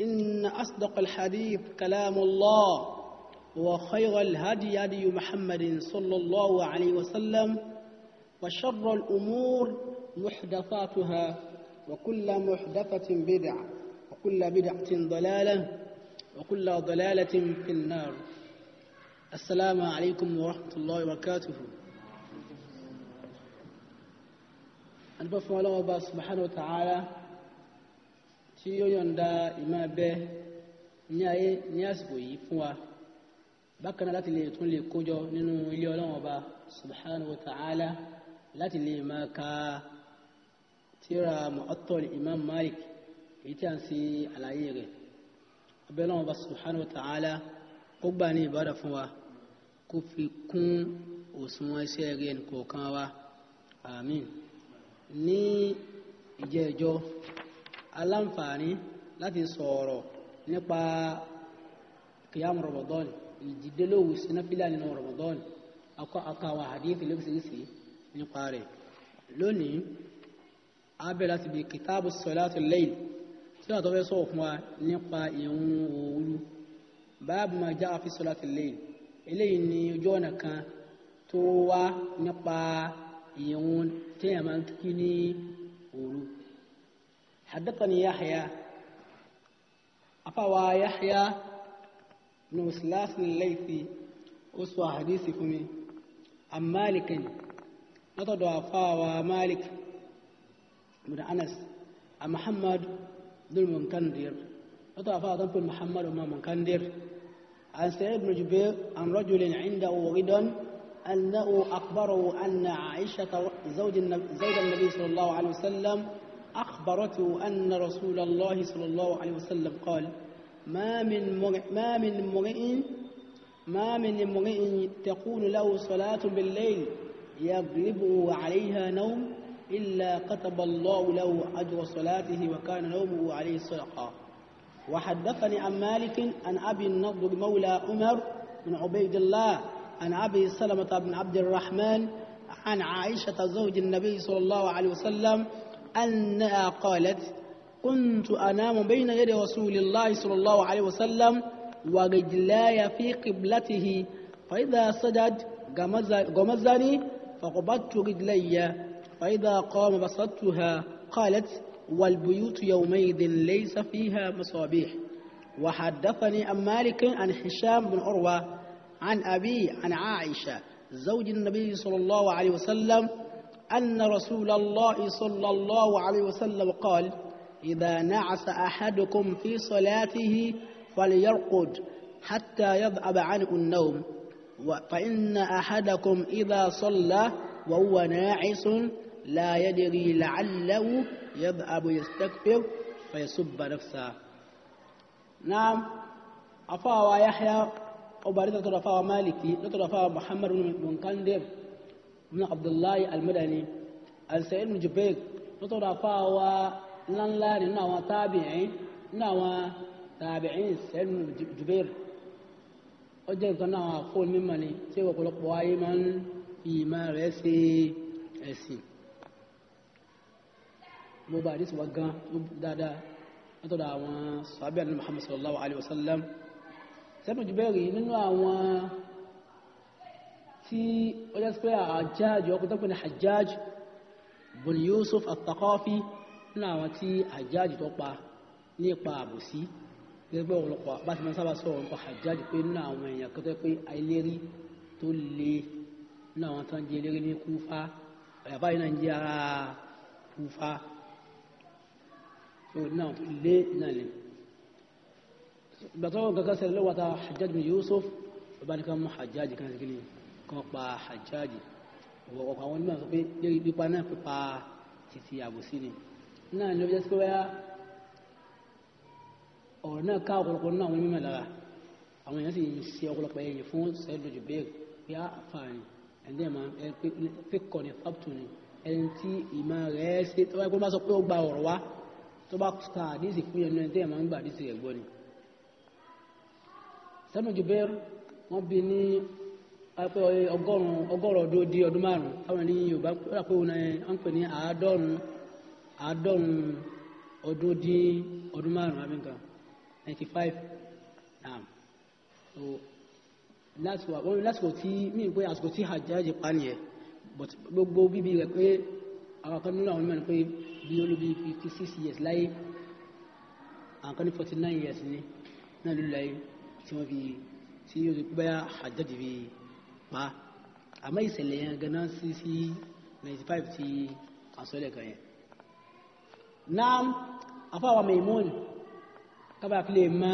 إن أصدق الحديث كلام الله وخير الهدي هدي محمد صلى الله عليه وسلم وشر الأمور محدثاتها وكل محدثة بدعة وكل بدعة ضلالة وكل ضلالة في النار السلام عليكم ورحمة الله وبركاته أنبفوا الله سبحانه وتعالى tí ó yọ̀ǹda ìmọ̀ abẹ ní ayé ní àsìkò yìí fún wa bákan náà láti lè tún lè kójọ nínú ilé ọlọ́run ọba subhanahu wa ta'ala láti lè máa ka tíra mu'attal imam malik èyí tí a ń ṣe àlàyé rẹ̀ abẹ́ ọlọ́run ọba subhanahu wa ta'ala kó gbà ní ìbádà fún wa kó fi kún òṣùwọ̀n iṣẹ́ rẹ̀ nìkọ̀ọ̀kan wa Amin ní ìjẹ́ aláǹfààní láti sọ̀rọ̀ nípa kìyàmù Ramadan ìjìdélówó sinapila nínú Ramadan akọ àtàwọn àdéhìí lóṣìṣì nípa rẹ̀ lónìí a bẹ̀rẹ̀ láti bi kìtàbù sọ̀láàtù lẹ́yìn tí wọ́n tó fẹ́ sọ̀rọ̀ fún wa nípa ìhun òwúrú báàbù máa já àfi sọ̀láàtù lẹ́yìn eléyìí ni ojú ọ̀nà kan tó wá nípa ìhun téèyàn kí ní òru حدثني يحيى أفوى يحيى بن سلاس الليثي أسوى حديثكم عن مالك نطد أفاوى مالك بن أنس عن محمد بن المنكندر نطد أفاوى ذنب محمد بن المنكندر عن سعيد بن جبير عن رجل عنده غدا أنه أخبره أن عائشة زوج النبي صلى الله عليه وسلم أخبرته أن رسول الله صلى الله عليه وسلم قال ما من ما من امرئ ما من امرئ تكون له صلاة بالليل يغلبه عليها نوم إلا كتب الله له أجر صلاته وكان نومه عليه صدقا وحدثني عن مالك عن أبي النضر مولى عمر بن عبيد الله عن أبي سلمة بن عبد الرحمن عن عائشة زوج النبي صلى الله عليه وسلم أنها قالت كنت أنام بين يدي رسول الله صلى الله عليه وسلم ورجلاي في قبلته فإذا سجد غمزني فقبضت رجلي فإذا قام بسطتها قالت والبيوت يومئذ ليس فيها مصابيح وحدثني عن مالك عن هشام بن عروة عن أبي عن عائشة زوج النبي صلى الله عليه وسلم أن رسول الله صلى الله عليه وسلم قال إذا نعس أحدكم في صلاته فليرقد حتى يذهب عنه النوم فإن أحدكم إذا صلى وهو ناعس لا يدري لعله يذهب يستكبر فيسب نفسه نعم أفاوى يحيى وبارزة رفاوى مالكي رفاوى محمد بن كندر ibn abdullahi almadani àti sa'id ibn jubair lọ́tọ̀dọ̀ afá wa ńláńlá nínú àwọn tábìín nínú àwọn tábìín sa'id ibn jubair ó jẹ́ nǹkan náà àwọn àkóò mímọ̀ ni tí ọ̀pọ̀lọpọ̀ ayé máa ń fi ìmọ̀ rẹ̀ ṣe ẹ̀sìn mo bá àdísì wa gan dáadáa látọ̀dọ̀ àwọn sàbẹ̀ àti muhammad sallallahu alaihi wasallam sa'id ibn jubair nínú àwọn tí ó jẹ́ pé àjáàjì ọkùn tó pè ní hajjaj bin yusuf at-taqafi nínú àwọn tí hajjaj tó pa ní ipa àbòsí gẹ́gẹ́ bí ọ̀pọ̀lọpọ̀ bá ti máa sábà sọ̀rọ̀ nípa hajjaj pé nínú àwọn èèyàn kan tó pé àìlérí tó le nínú àwọn tó ń jẹ eléré ní kúfà àyàbá yìí ń jẹ ara kúfà tó nínú àwọn tó náà ni ìgbà tó wọn kankan sẹ́rẹ̀ lọ́wọ́ta hajjaj bin yusuf ọba mú hajjaj kan sí kìnìyàn kan pa Hajjaji ọ̀pọ̀ àwọn onímọ̀ sọ pé lérí pípa náà pípa títí àbòsí ni náà ni ó jẹ́ sí pé wáyá ọ̀rọ̀ náà ká ọ̀pọ̀lọpọ̀ náà àwọn onímọ̀ lára àwọn èèyàn sì ń ṣe ọ̀pọ̀lọpọ̀ ẹ̀yìn fún sẹ́lú jùbẹ́ẹ̀ pé àfààní ẹ̀ndẹ́ máa ẹ pé kọ̀ ní fábùtù ni ẹni tí ìmọ̀ rẹ̀ ṣe tó bá gbọ́n bá sọ pé ó gba ọ̀rọ̀ wá tó bá ka àdísì fún ẹnu ẹ̀ndẹ́ máa ń gba àdísì rẹ̀ gbọ́ ni sẹ́lú jùbẹ́ẹ̀ wọ́n bi ní apẹ ọgọ́rùn ọgọ́rùn ọdún di ọdún márùn táwọn ní yorùbá rà pé wọn eh, pè ní àádọ́rùn àádọ́rùn ọdún di ọdún márùn abẹ́ǹkan ninety five naam so lásìkò àwọn lásìkò tí mí pé àsìkò tí but gbogbo bíbí rẹ pé àwọn kan nínú àwọn pé bí years láyé àwọn kan ní years ní náà tí fi tí yóò fi ma àmọ́ ìṣẹ̀lẹ̀ yẹn ganan sí sí ninety five ti àsọlẹ̀ kan yẹn náà afáwọn Maimun kábà fi lè mọ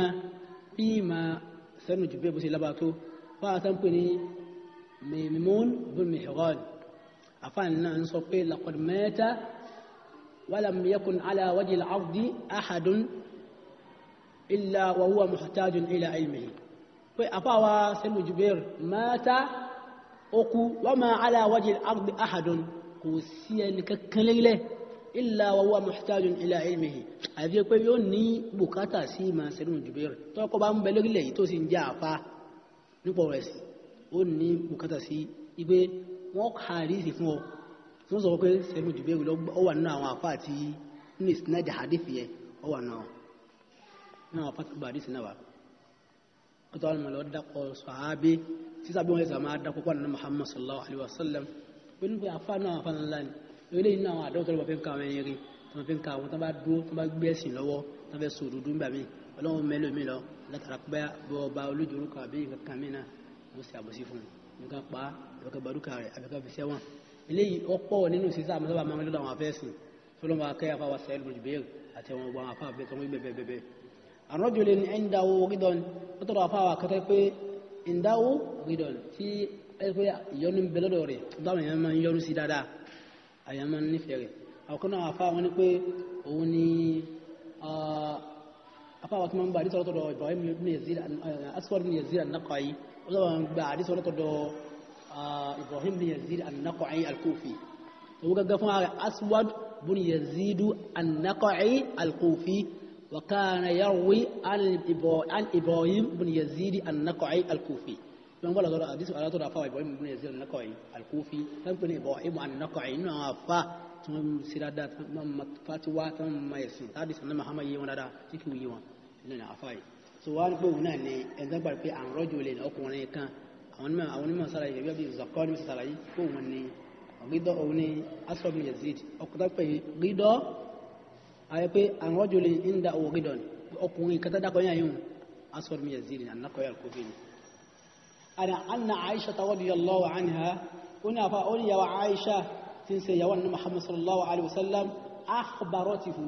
bí ìmọ̀ sẹ́nu jù bẹ́ẹ̀ bó ṣe lábàá tó fáwọn sẹ́nu pè ní Maimun bin Mihran afáàn náà ń sọ pé laqad mata walam yakun ala wajhi al-ardi ahadun illa wa huwa muhtajun ila ilmihi pé afáwa sẹ́nu jù bẹ́ẹ̀ mẹ́ta. oku wama ala waji al-ardi ahadun kò sí ẹni kankan lẹ́lẹ́ illa wa huwa muhtajun ila ilmihi àti pé yóò ní bùkátà sí máa sẹ́nu jùbẹ́rẹ̀ tọ́kọ́ bá ń bẹ lórílẹ̀ yìí tó sì ń jẹ́ àfa nípa ọ̀rẹ́ sí ó ní bùkátà sí ipe wọ́n ka àdìsí fún ọ tí sọ pé sẹ́nu jùbẹ́rẹ̀ ó wà nínú àwọn àfa àti ní ìsinadì ó wà náà náà àfa tó kótó àwọn ọmọ lọ dakọ sàábé sísá bí wọn yẹ sàá máa dakọ kó àná Muhammad sallallahu alayhi wa sallam pẹ̀lú pé àfa náà àfa ńlá ni eléyìí náà àwọn àdáwọ̀ tó lọ́wọ́ fi ń ka àwọn ẹyẹrí tó lọ́wọ́ fi ń ka àwọn tó bá dúró tó bá gbé ẹ̀sìn lọ́wọ́ tó bá sọ òdodo ńgbà mí ọlọ́wọ́ mẹ́lò mi lọ látara pé bọ́ ọba olójoro kan àbí nǹkan kan mí náà wọ́n sì àbòsí fún un nǹkan pa àbẹ̀kẹ́ barúkà rẹ̀ àbẹ̀kẹ́ fi sẹ́wọ̀n eléyìí ọ̀pọ̀ nínú sísá àmọ́ sábà máa ń lọ́dọ̀ àwọn afẹ́sìn fọlọ́mọ akẹ́yàfà wa sẹ́yìn lójú bẹ́ẹ̀ àti àwọn ọgbà àwọn afá bẹ́ẹ̀ tó ń gbẹ bẹ́ẹ̀ bẹ́ẹ̀ àrọ́jòlè ní ẹ̀ńdáwó rídọ̀n lọ́tọ̀rọ̀ afáwà kẹtẹ́ pé ẹ̀ńdáwó rídọ̀n tí ẹgbẹ́ ìyọnu bẹ̀lọ́dọ̀ rẹ̀ dáwọn èèyàn máa ń yọnu sí dáadáa àyàn máa ń nífẹ̀ẹ́ rẹ̀ àwọn náà afáwà wọn ni pé òun ni afáwà tó máa ń gba àdísọ́ lọ́tọ̀dọ̀ Ibrahim bin Yazid an-Naqai ó sábà ń gba àdísọ́ lọ́tọ̀dọ̀ Ibrahim bin Yazid an-Naqai òun gẹ́gẹ́ fún Aswad bin Yazid an-Naqai al وكان يروي عن إبراهيم بن يزيد النقعي الكوفي من قال هذا حديث على ترى فاو إبراهيم بن يزيد النقعي الكوفي كان كان إبراهيم النقعي نافا ثم سيرادات ثم فاتوا ثم ما يسن هذا سنة محمد يوان هذا تكو يوان لنا أفاي سواء بونا ني إذا بقى في عن رجل أو كون كان àwọn mẹ́rin àwọn onímọ̀ sára yìí bí zakọ́ ní sàlàyé kó wọn ni rídọ́ òun ni asọ́ bin Yazid ayé pé àwọn jòlè ń da owó gidon ọkùnrin kata dákọ̀ yẹn yìí asọ́rọ̀ mi yẹ ziri ní anakọ̀ yẹ kófì ni. ana anna aisha ta wadi yallahu anha una fa oni yawa aisha tin sai yawan muhammad sallallahu alaihi wasallam akhbaratuhu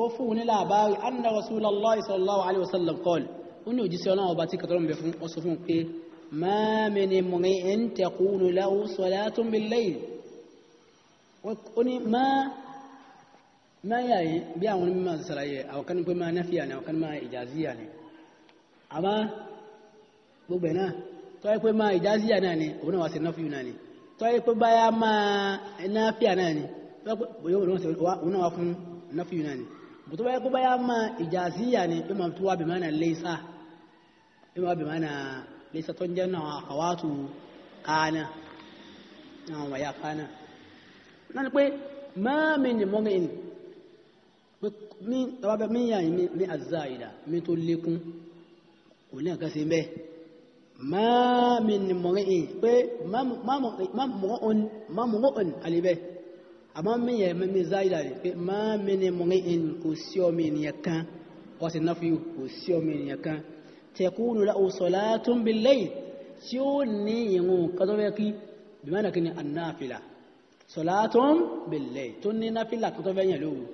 ó fún un ní labari anna rasulullah sallallahu alaihi wasallam qol oni òjísé ọlọ́run ọba tí kàtọ́rọ̀ ń bẹ fún ọsọ fún pé ما من امرئ تكون له صلاة بالليل وني ما náyà yìí bí àwọn mímọ̀ sàlàyé àwọn kan pé máa náfíà ni àwọn kan máa ìjàzíyà ni àmá gbogbo ẹ̀ náà tọ́yẹ pé máa ìjàzíyà náà ni òun náà wá sí náfíù náà ni tọ́yẹ pé báyà máa náfíà náà ni òun náà wá fún náfíù náà ni bùtọ́ báyà pé báyà máa ìjàzíyà ni bí máa tó wá bìmánà lẹ́sà bí máa bìmánà lẹ́sà tó ń jẹ́ náà àkàwátù kánà náà wáyà kánà náà ni pé máa mi ni mọ́gìn tọ́wọ́ bẹ mí yàn ní ní azáìdá mi tó lékún kò ní àká sí bẹ́ẹ̀ máa mi ni mọ̀rẹ́ in pé máa mọ̀rọ̀ in alibẹ́ àmọ́ mi yẹ mi záìdá rẹ̀ pé máa mi ni mọ̀rẹ́ in kò sí ọmọ ènìyàn kan wọ́n sì náà fi kò sí ọmọ ènìyàn kan tẹkúnù la òsọ̀lá tó ń bi lẹ́yìn tí ó ní ìrun kátọ́fẹ́kí bí mẹ́rin kí ni annáfìlà sọ̀lá tó ń bi lẹ́yìn tó ní náfìlà kátọ́fẹ́yìn lóru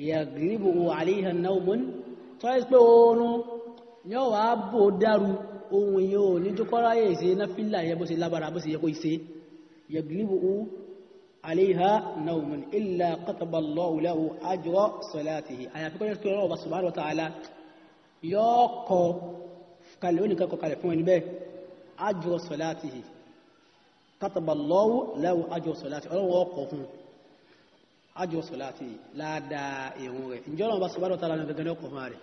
yagribu alayha nawmun tó yẹ pé oorun yóò wá bò dáru ohun yìí ò ní jókòrá yẹ ìṣe náfìlà yẹ bó ṣe lábára bó ṣe yẹ kó ìṣe yagribu alayha nawmun illa kataba Allahu lahu ajra salatihi àyàfi kọ́ yẹ kí ọlọ́wọ́ bá subhanahu ajo salati laada ehun rẹ̀ ǹjẹ́ ọlọ́run bá subhanahu wa ta'ala ní gẹ́gẹ́ ní ọkọ̀ fún rẹ̀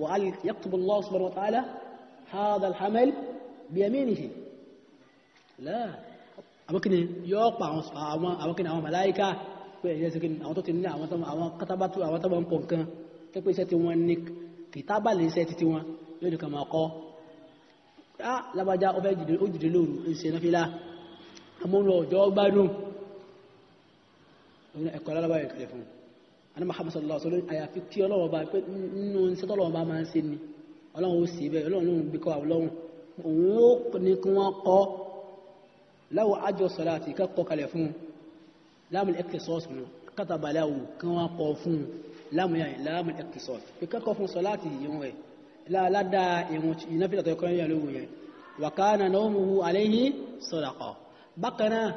wa yaktubu allah subhanahu wa ta'ala hadha alhamal bi yaminihi la abakini yóò pa àwọn àwọn abakini àwọn malaika pé ẹ̀yẹ́ sikin àwọn tó ti ní àwọn tọ́mọ àwọn katabatu àwọn tọ́mọ ń pọ̀ nǹkan tó pé iṣẹ́ ti wọn ní kìtábà lè iṣẹ́ titi wọn yóò nìkan máa kọ́ á lábàjá ọbẹ̀ ó jìdí lóru ń ṣe náfìlà amóhùn ọjọ́ gbádùn ẹ̀kọ́ alábà yẹn kẹlẹ̀ fún ani Muhammad sallallahu alaihi wasallam àyàfi kí ọlọ́wọ́ bá pé nínú sẹ́tọ́ ọlọ́wọ́ bá máa ń ṣe ni ọlọ́wọ́ ó sì bẹ́ẹ̀ ọlọ́wọ́ ló ń gbé kọ́ ọlọ́wọ́ òun ó ní kí wọ́n kọ́ láwọ̀ àjọ sọ̀rọ̀ àti ìkẹ́kọ̀ọ́ kalẹ̀ fún láàmú ẹ̀kẹ́sọ́ọ̀sì mu kátàbàlẹ̀ àwò kí wọ́n kọ́ fún láàmú yàn láàmú ẹ̀kẹ́sọ́ọ̀sì ìkẹ́kọ̀ọ́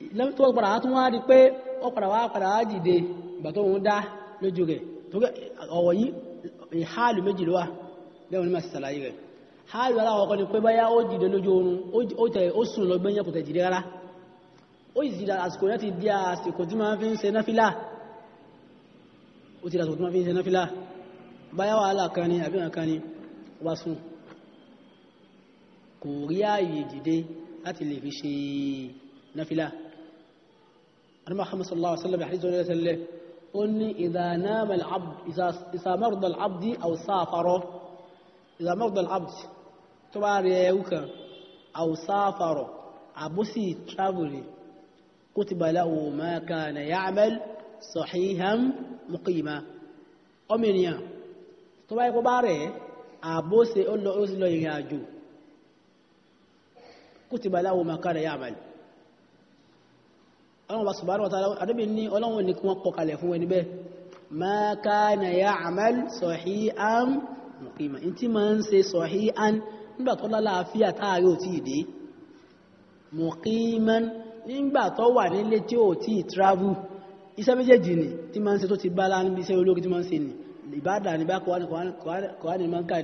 lẹ́yìn tó padà wá tún wá rí pé ó padà wá padà wá dìde ìgbà tó ń dá lójú rẹ̀ tó kẹ́ ọ̀wọ̀ yìí ìhálù méjì ló lẹ́wọ̀n ní màsí sàlàyé rẹ̀ hálù aláwọ̀kọ́ ni pé báyá ó dìde lójú oorun ó tẹ̀ ó sùn lọ gbẹ́yìn kò tẹ̀ dìde rárá ó sì dìde àsìkò rẹ̀ ti di àsìkò tí máa fi ń ṣe náfìlà ó ti di àsìkò tí máa fi ń ṣe náfìlà báyá wàhálà kan ni àbí kan ni wá sùn kò rí ààyè dìde láti lè fi ṣe náfìlà أنا ما خمس الله وسلم يحديث ولا الليل أني إذا نام العبد إذا, إذا مرض العبد أو سافره إذا مرض العبد تباري يوكا أو سافره أبوسي ترافلي كتب له ما كان يعمل صحيحا مقيما أمينيا تباري كباري أبوسي أولو أزلو ينجاجو كتب له ما كان يعمل ọlọ́run wa subhanahu wa ta'ala adébí ní ọlọ́run ní kí wọ́n kọ kalẹ̀ fún ẹni bẹ́ẹ̀ ma kana ya'mal sahihan muqima ní tí ma ń ṣe sahihan nígbà tó lálàáfíà táàrí ò tí ì dé muqiman nígbà tó wà nílé tí ò tí ì travel iṣẹ́ méjèèjì ni tí ma ń ṣe tó ti bala níbi iṣẹ́ olórí tí ma ń ṣe ni ìbádà ní bá kọ́wá ní ma ń kà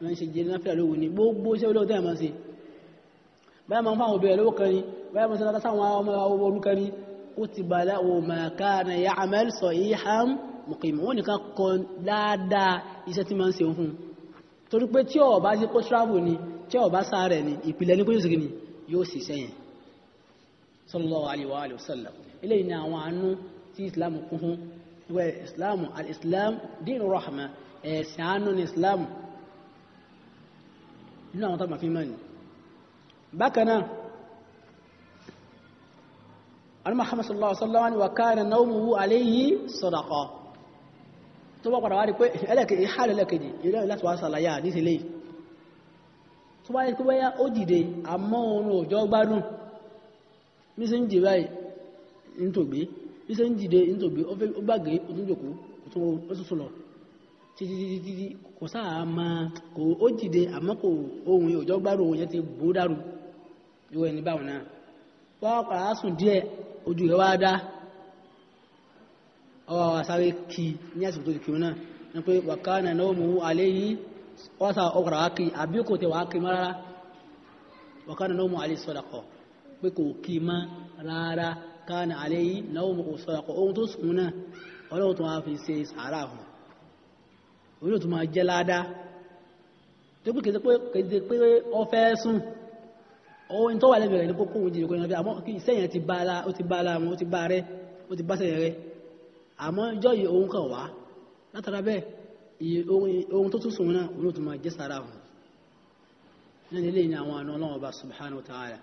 ma ń ṣe jẹ́ náfíà lówó ni gbogbo iṣẹ́ olórí tẹ́ báyìí máa ń fáwọn obìnrin lówó kan ni báyìí máa ń ṣe dáadáa sáwọn ọmọ orúkọ ni kutiba lahu ma kana ya'mal sahihan muqima wọ́n nìkan kọ dáadáa iṣẹ́ tí ma ń ṣe fún torí pé tí ó bá sí kó travel ni tí ó bá sáré ni ìpìlẹ̀ ní kó yóò sì ni yóò sì sẹ́yìn sallallahu alaihi wa alihi wasallam alimahamad sallallahu alaihi wa wa kana nawmuhu alayhi sadaqa tó bá padà wá rí pé ẹlẹ́kẹ̀ẹ́ ìhàlẹ̀ ẹlẹ́kẹ̀ẹ́jì ilẹ̀ láti wá sàlàyà nísìlẹ̀ tó bá yẹ kó bẹ́yà ó dìde ohun òjò gbádùn ti bó dàrú ojú rẹ̀ wá dá ọwọ́ wa sáré kí ní àsìkò tó ti kí náà ní pé wàká náà náà mú alẹ́ yìí wọ́n sá ọkọ̀ wá kí àbí kò tẹ̀ wá kí mọ́ rárá wàká náà mú alẹ́ sọ́dọ̀kọ̀ pé kò kí mọ́ rárá ká náà alẹ́ yìí náà mú sọ́dọ̀kọ̀ ohun tó sùn náà ọlọ́run tó máa fi ṣe sàárà hàn orí òtún máa jẹ́ ládàá tó pé kèdè pé ọ fẹ́ sùn ohun tó wà lẹ́bi rẹ̀ ní kókó òun jìnnìkó yẹn àmọ́ sẹ́yìn ti bá ara ó ti bá ara wọn ó ti bá rẹ ó ti bá sẹ́yìn rẹ àmọ́ ìjọ yìí òun kàn wá látara bẹ́ẹ̀ ohun tó tún sùn náà òun ò tún máa jẹ́ sára wọn náà nílé ní àwọn àna ọlọ́wọ́ bá subhanahu wa ta'ala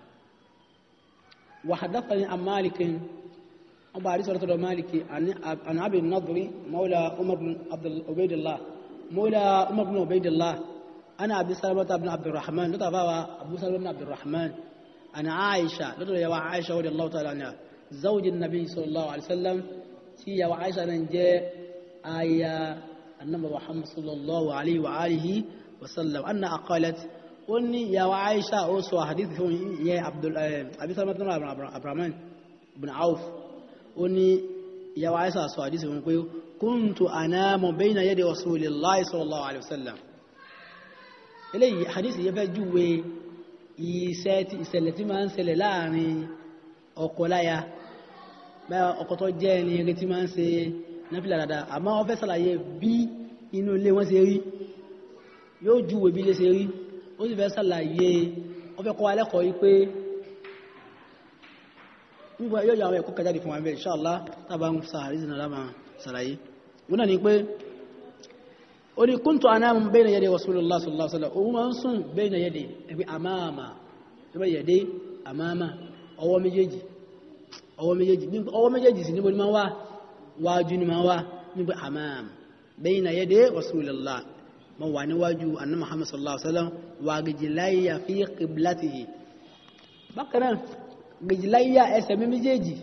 wa hadathani an malikin wọn bá àrísọ̀rọ̀ tọ̀dọ̀ maliki an abi nadri mawla umar bin أنا أبي سلمة بن عبد الرحمن نتابع أبو سلمة بن عبد الرحمن أنا عائشة نتابع يا عائشة رضي الله تعالى عنها زوج النبي صلى الله عليه وسلم تي يا عائشة ننجى آية النبي محمد صلى الله عليه وآله وسلم أن أقالت أني يا عائشة أوسو حديث يا عبد أبي سلمة بن عبد الرحمن بن عوف أني يا عائشة أوسو حديث كنت أنام بين يدي رسول الله صلى الله عليه وسلم eléyìí hadisi yẹ fẹ́ júwe iṣẹ́ tí ìṣẹ̀lẹ̀ tí máa ń ṣẹlẹ̀ láàrin ọkọ láya báyà ọkọ tó jẹ́ ẹni eré tí máa ń ṣe náfìlà dáadáa àmọ́ wọ́n fẹ́ ṣàlàyé bí inú ilé wọn ṣe rí yóò júwe bí ilé ṣe rí ó sì fẹ́ ṣàlàyé wọ́n fẹ́ kọ́ alẹ́kọ̀ọ́ yìí pé yóò yọ àwọn ẹ̀kọ́ kẹjáde fún wa bẹ́ẹ̀ inshallah tábà ń sa náà lábàá ṣàlàyé ni pé ó ní kúntù anáàmù bẹ́ẹ̀nà yẹ́dẹ̀ rasulullah sallallahu alaihi wasallam òun máa ń sùn bẹ́ẹ̀nà yẹ́dẹ̀ ẹgbẹ́ àmàmà ẹgbẹ́ yẹ́dẹ̀ àmàmà ọwọ́ méjèèjì ọwọ́ méjèèjì ọwọ́ méjèèjì sí níbo ni máa wá wájú ni máa wá níbo àmàmà bẹ́ẹ̀nà yẹ́dẹ̀ rasulullah ma wà níwájú anna muhammad sallallahu alaihi wasallam wà gèjìláyà fi qiblatihi bákan náà gèjìláyà ẹsẹ̀ mi méjèèjì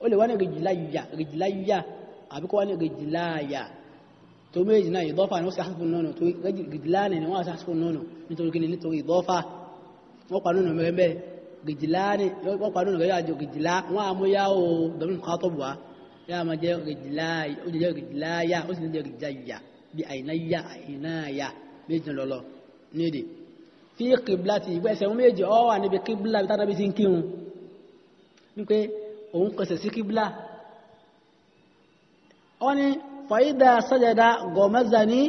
ó lè wá ní gèjìláyà gèjìláyà àbíkọ́ wá ní tó méjì náà ìdọ́fà ni wọ́n sì hasbun nọ́nà tó gìdìláàni ni wọ́n sì hasbun nọ́nà nítorí kíni nítorí ìdọ́fà wọ́n pa nọ́nà mẹ́rẹ́ mẹ́rẹ́ gìdìláàni wọ́n pa nọ́nà gẹ́gẹ́ àjọ gìdìlá wọ́n á mú yá o dọ́mí nǹkan tó bù wá yá a máa jẹ́ gìdìláyà ó jẹ́ gìdìláyà ó sì jẹ́ gìdìláyà bí àìnáyà àìnáyà méjì فإذا سجد غمزني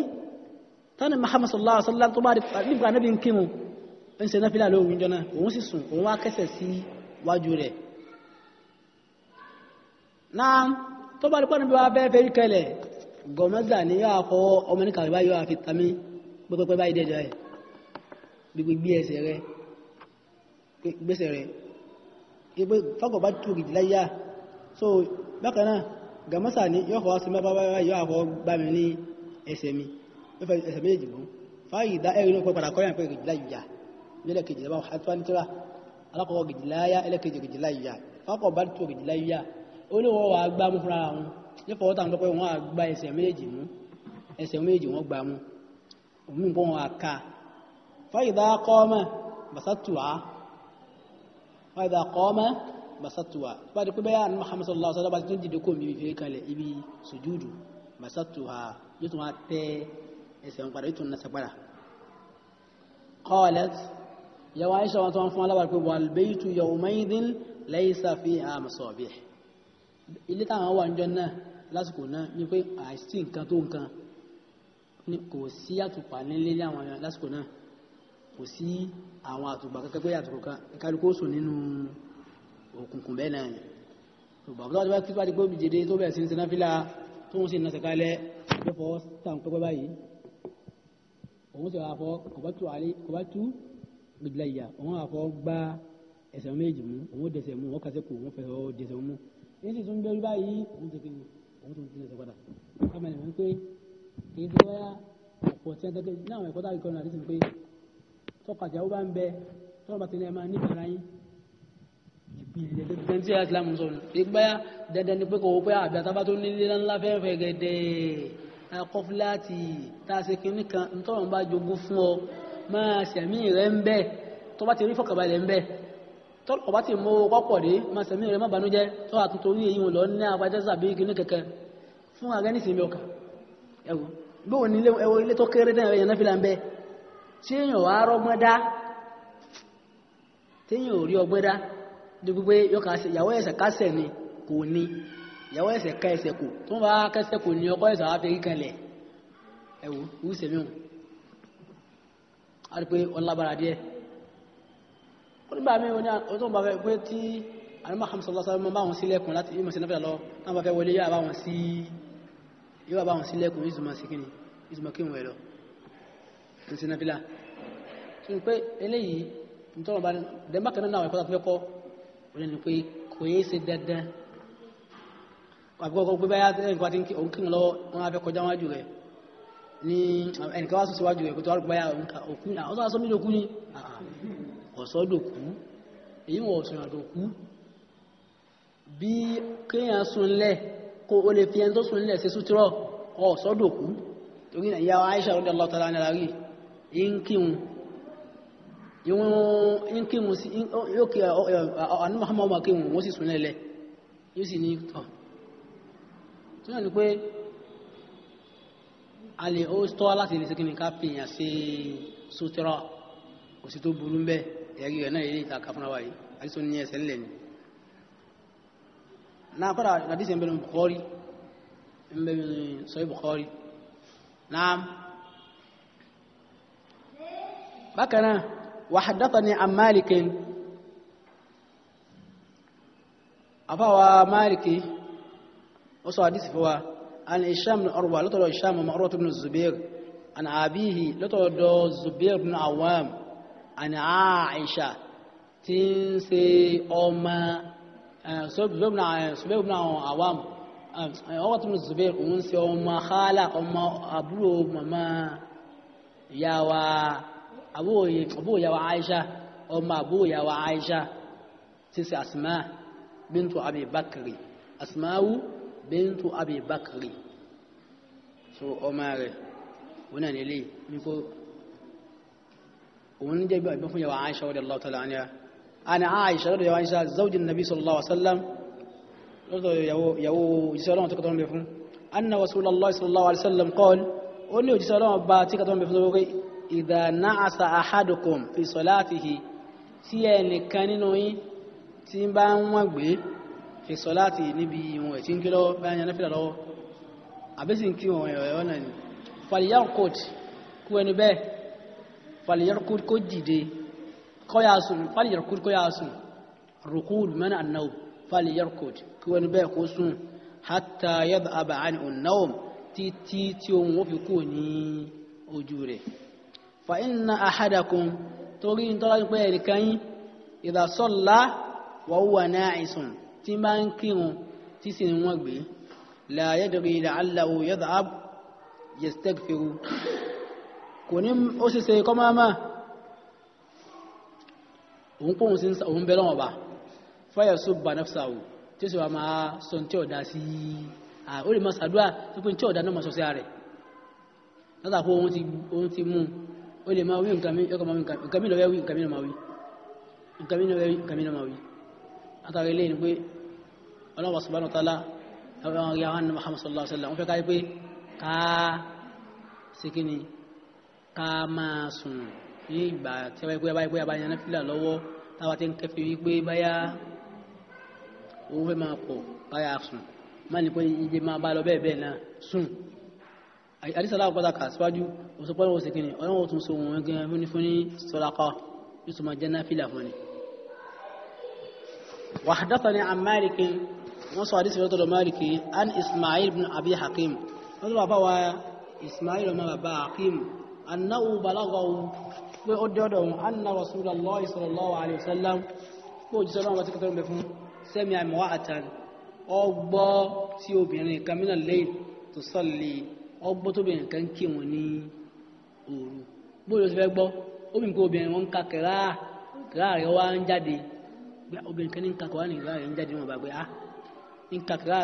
tani muhammad sallallahu alaihi wasallam tó bá rí nípa níbi ń kírun ń ṣe náfílà lóhun jọ náà òun sì sùn òun wá kẹsẹ̀ sí wájú rẹ̀ náà tó bá rí pọ́n níbi wá bẹ́ẹ̀ fẹ́ rí kẹlẹ̀ gọ̀mọ́zà ni yóò àfọwọ́ ọmọ ní kàwé báyìí yóò àfi tami pẹ́pẹ́pẹ́ báyìí dẹ́jọ́ ẹ̀ gbígbé gbé ẹsẹ̀ rẹ̀ gbésẹ̀ rẹ̀ gbígbé fọ́gọ̀ bá tù gidi láyà so bákan náà gàmọ́sà ni yóò fọwọ́ sí mọ́ bá báyọ̀ yóò àfọwọ́ gbá mi ní fa mi yóò fẹ́ ẹsẹ̀ méjèèjì mú fáyì dá ẹ̀rí náà padà kọ́yà pé gèjìlá yìí yá nílẹ̀ kejì lọ́wọ́ àtúwá nítorá alákọ̀ọ́kọ́ gèjìlá yá ẹlẹ́kejì gèjìlá yìí yá fákọ̀ bá tó gèjìlá yìí yá ó ní wọ́n wà á gbá mú fúnra wọn yóò fọwọ́ tà ń lọ́pẹ́ wọn á gbá ẹsẹ̀ méjèèjì mú ẹsẹ̀ méjèèjì wọn gbá mú òmí nǹkan wọn á ká fáyì dá kọ́ mọ́ bàtà tù á fáyì dá kọ́ mọ́ masatuwa bá di pé bẹ́ẹ̀ àná Muhammad sallallahu alaihi wa sallam bá ti tún dìde kó mi fi kalẹ̀ ibi sùjúdù masatuwa yóò tún wá tẹ ẹsẹ̀ wọn padà yóò tún nasa padà. qalat yàwó Aisha wọn tó wọn fún alábàá pé wal baytu yawmaidhin laysa fiha masabih ilé táwọn wà ń jọ náà lásìkò náà ní pé àìsí nǹkan tó nǹkan kò sí àtùpà nílé láwọn lásìkò náà kò sí àwọn àtùpà kẹ́kẹ́ pé àtùpà kálukó sùn nínú òkùnkùn bẹ́ẹ̀ náà ṣùgbọ́n tó bá ti bá ti gbóbi jèdè tó bẹ̀rẹ̀ sí ń sinmi fílà tó ń sì ń nasẹ̀ kálẹ̀ ló fọwọ́ sàn pẹ́pẹ́ báyìí òun sì wà fọ kò bá tú gbèdìlà ìyà òun wà fọ gbá ẹsẹ̀ méjì mú òun dẹsẹ̀ mú òun kàṣẹ́ kù òun fẹ́ dẹsẹ̀ mú yín sì tún bẹ́ẹ̀ báyìí òun ti fi òun tún ti nasẹ̀ padà kámẹ́ ni wọ́n pé kì í ti wáyà ọ̀pọ̀ tí wọ́n tẹ́tẹ́ náà ẹ̀kọ́ tá a rí kọ́ni àti sìn pé tọkàtì àwọn bá ń bẹ tọ́lọ́ bá ti ní ẹ máa nífẹ̀ẹ́ ara yín ìpìlẹ̀ gẹ́gẹ́ tí asilamu sọ ìgbà dandan ni pé kò wọ́pẹ́ àbí àtàbà tó nílé ńlá fẹ́fẹ́ gẹ́gẹ́ akọ́ fúláàtì tàṣe kìíní kan ntọ́rọ̀ bá jogún fún ọ máa sẹ̀mí rẹ̀ ń bẹ tó bá ti rí fọkàbalẹ̀ ń bẹ tọ́lọ̀ bá ti mú kọ́pọ̀ dé máa sẹ̀mí rẹ̀ má banújẹ́ tó àtúntò orí èyí lọ ní apájẹ́sà bí kìíní kẹ̀kẹ́ fún ara ní ọkà ní gbogbo ìyàwó ẹ̀sẹ̀ kásẹ̀ ni kò ní ìyàwó ẹ̀sẹ̀ ká ẹ̀sẹ̀ kò tó ń bá kẹsẹ̀ kò ní ọkọ ẹ̀sẹ̀ àwáfẹ́ kíkanlẹ̀ ẹ̀wò ìwú sẹ̀míhùn a rí pé ọlábàrà díẹ̀ ó nígbà mí wọn ní ọjọ́ bá fẹ́ pé tí àrímà hamsa lọ́sà mọ́ bá wọn sí lẹ́kùn láti ìmọ̀ sí náfẹ́ lọ náà bá fẹ́ wọlé yóò bá wọn sí yóò bá wọn sí lẹ́kùn wọ́n ní pé kò yéé ṣe dandan àgbọ̀gbọ̀ gbé báyà ẹnìkan àti òun kí n lọ wọn abẹ́ kọjá wájú rẹ̀ ní ẹnìkan wá sùn síwájú rẹ̀ kó tó wá gbáyà òkú ní àwọn sọ́sọ́ mídòkú ni ọ̀sọ́dòkú èyí wọ̀ ọ̀sọ̀dòkú bí kéèyàn sunlẹ̀ kó o lè fi ẹni tó sunlẹ̀ ṣe sútúrọ̀ ọ̀sọ́dòkú torí ìyá Aisha rọ́dẹ̀ lọ́tọ́lá ní ara rí ń kírun ìwọ̀n ìkírun sí yóò kí àánú ọmọ kírun wọ́n sì súnlẹ̀ lẹ̀ yóò sì ní tí ni pé a ó tọ́ láti lè síkí ká fi èèyàn sí sutura kò sí tó burú ń bẹ́ ẹ̀rí náà yìí àti ẹsẹ̀ ńlẹ̀ ni náà kọ́ra nàdísẹ̀ ń náà bákan náà وحدثني عن مالك أفوى مالك وصو حديث فوا عن هشام بن عروة لطلو هشام بن عروة بن الزبير عن أبيه لطلو الزبير بن عوام عن عائشة تنسي أما زبير بن عوام عروة بن الزبير ونسي أما خالق أما أبوه ماما يا àbúrò ìyàwó Aisha ọmọ àbúrò ìyàwó Aisha tí sí Asma bintu Abi Bakri Asma'u bintu Abi Bakri so ọmọ rẹ̀ wọn náà nílé wípé òun ní jẹ́bí àgbẹ̀ fún ìyàwó Aisha radiyallahu ta'ala anha ana Aisha radiyallahu Aisha zawjin Nabi sallallahu alaihi wasallam lọ́dọ̀ ìyàwó ìṣẹ́ ọlọ́run tó kọ́tọ́ ń bẹ fún anna Rasulullah sallallahu alaihi wasallam qala ó ní òjíṣẹ́ ọlọ́run bá tí kọ́tọ́ ń bẹ fún lórí idha na'asa ahadukum fi salatihi tí ẹnìkan nínú yín tí ń bá ń wọ́n gbé fi salatihi níbi ìwọ̀n ẹ̀tí ń kí lọ́wọ́ bá yan náfìlà lọ́wọ́ àbẹ́sì ń kí wọn ẹ̀rọ náà ni falyarkud kú ẹni bẹ́ẹ̀ falyarkud kó dìde kọ́yà sùn falyarkud kọ́yà sùn rukul mẹ́nà ànáwó falyarkud kú ẹni bẹ́ẹ̀ kó sùn hatta yadhaba anhu títí tí ohun ó fi kú ní ojú rẹ̀ fa inna ahadakum torí ń tọ́lá pé ẹnìkan yín idha salla wa huwa na'isun tí bá ń kírun tí sì ń wọ́n gbé la yadri la'allahu yadh'ab yastaghfiru kò ní ó sì ṣe kọ́ máa máa òun pòun sí òun bẹ̀rẹ̀ wọn bá fáyà sọ bà tí ó sì wà máa sọ tí ọ̀dà sí i ó lè máa ṣàdúrà tó pé tí ọ̀dà náà máa sọ sí ààrẹ látàkó òun ti mú un ó lè máa wí nǹkan mi ọkọ̀ máa wí nǹkan mi lọ́wọ́ wí nǹkan mi lọ́wọ́ máa wí nǹkan mi lọ́wọ́ wí nǹkan mi lọ́wọ́ máa wí látàrí ilé ni pé ọlọ́wọ́ subhanahu wa ta'ala àwọn ọ̀rẹ́ àwọn ọ̀nà Muhammad sallallahu alaihi wa sallam wọ́n fẹ́ káyé pé ká síkíni ká máa sùn ní ìgbà tí wọ́n pẹ́ báyìí pé abáyẹn náà fìlà lọ́wọ́ táwa ti ń kẹfì wípé báyà owó fẹ́ máa pọ̀ báyà sùn má ní pé iye máa bá àdísàlá àpọ́ta kà síwájú òṣùpọ́lọ́ òṣè kìíní ọlọ́wọ́ tún so wọn gan mú ní fún ní sọ́lákọ́ ní sọmọ jẹ́ náfìlà fún ni wàhádọ́ta ni a máàlìkì wọ́n sọ àdísàlá tọ́lọ máàlìkì an ismail bin abi hakim wọ́n tó bàbá wa ismail ọmọ bàbá hakim annáwó balagawo pé ó dọ́dọ̀ wọn anna rasulallah sallallahu alaihi wasallam pé òjíṣẹ́ náà wọ́n ti kẹtọ́rọ̀ mẹ́ fún sẹ́mi àmì àtàn ọgbọ́ tí obìnrin kamínà lẹ́yìn tó sọ́lì ọgbọ́ tóbìnrin kan kí wọn ní òru bóyá obi fẹ́ gbọ́ obìnrin obìnrin wọn ń ka nke kẹ̀rá rẹ̀ wá ń jáde obìnrin kan ní ń ka kẹ̀rá nìkẹ̀rá rẹ̀ ń jáde wọn bá gbé ah sí ń jáde.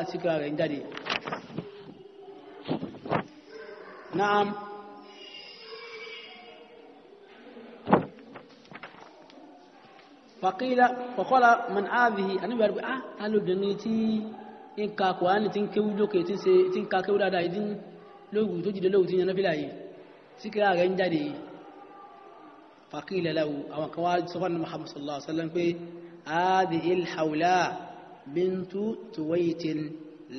fàkìlá man áàbìhì lóògùn tó jìdé lóògùn tí yẹn náfílà yìí síkírà rẹ̀ ń jáde yìí fàkílẹ̀ láwù àwọn kan wá sọ́fà ní Muhammad sallallahu alaihi wasallam pé adi ilhawla bintu tuwaitin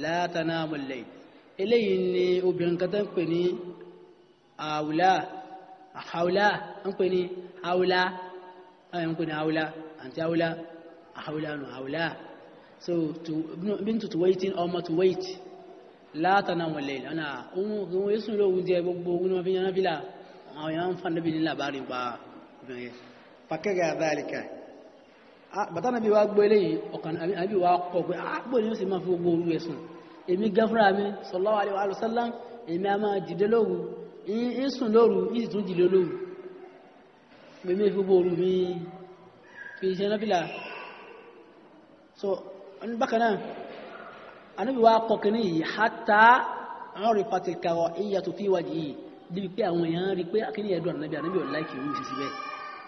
látàná mọ̀lẹ̀ eléyìí ni obìnrin kan tó ń pè ní àwùlá àwùlá ń pè ní àwùlá látànà wọn lè ọ̀nà òun yéṣù lóhun jẹ gbogbo ogun náà fi yan fílà àwọn èèyàn ń fa níbi ní làbárí pa obìnrin pàkẹ́gà àbáríkà ah, bàtà náà bí wàá gbọ́ eléyìí ọ̀kan àbí wàá kọ̀ pé àpò ah, ni ó sì máa fi gbogbo orú ẹ̀sùn èmi gáfúrà mi sallallahu alaihi wasallam èmi a máa dìde so bákan anábì wa kọ kínní yìí hátà àwọn rí pati kàwọ ìyá tó fi wájú yìí débi pé àwọn èèyàn rí pé akínní yẹn dùn ànábì ànábì ọ̀la kì í wù sísí bẹ́ẹ̀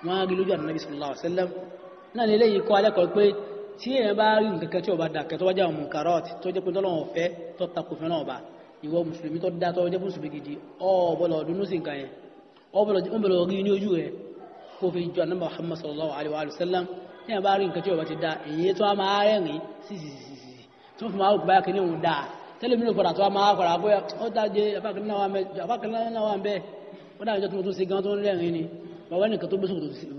wọ́n á rí lójú ànábì sallallahu alaihi wasallam náà ní eléyìí kọ́ alẹ́ kọ́ pé tí èèyàn bá rí nǹkan kan tí ọba dà kẹtọ́ bá jẹ́ àwọn mùkàrọ́ọ̀tì tó jẹ́ pé tọ́lọ́wọ̀n fẹ́ tó takò fẹ́ náà ọba ìwọ tó fi máa gbáyà kí ní òun dáa tẹ́lẹ̀ mínú padà tó a máa padà bóyá ó dájé afákanáwà náà ń bẹ́ ó dájọ́ tó tó sí gan tó ń rẹ̀rin ni bàbá nìkan tó gbé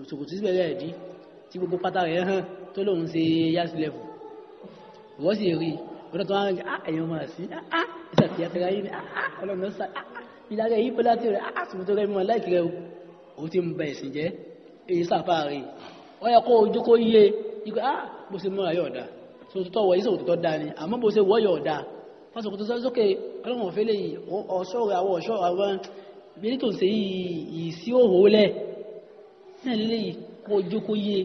sòkòtò síbẹ̀ rẹ̀ dí tí gbogbo pátá rẹ̀ hàn tó lòun ṣe yáàsì lẹ́fù wọ́n sì rí ọdọ́ tó wọ́n ẹ̀yàn ah, ah, máa sí ìsàtìyà tẹ́ra yìí ni ah, ọlọ́run sá ìdájọ́ yìí pẹ́lá tí rẹ̀ àsìkò rẹ̀ mọ́ láìkì rẹ̀ ó ti ń so òtútọ́ wọ̀ ìṣòwò tó dáa ni àmọ́ bó ṣe wọ́yọ̀ ọ̀dà fásitì tó sọ́sọ́kè ọlọ́run òfin lè ọ̀ṣọ́ rẹ̀ àwọn ọ̀ṣọ́ àwọn bíi tó ń ṣe yìí sí òhò lẹ̀ náà lè kó jókòó yé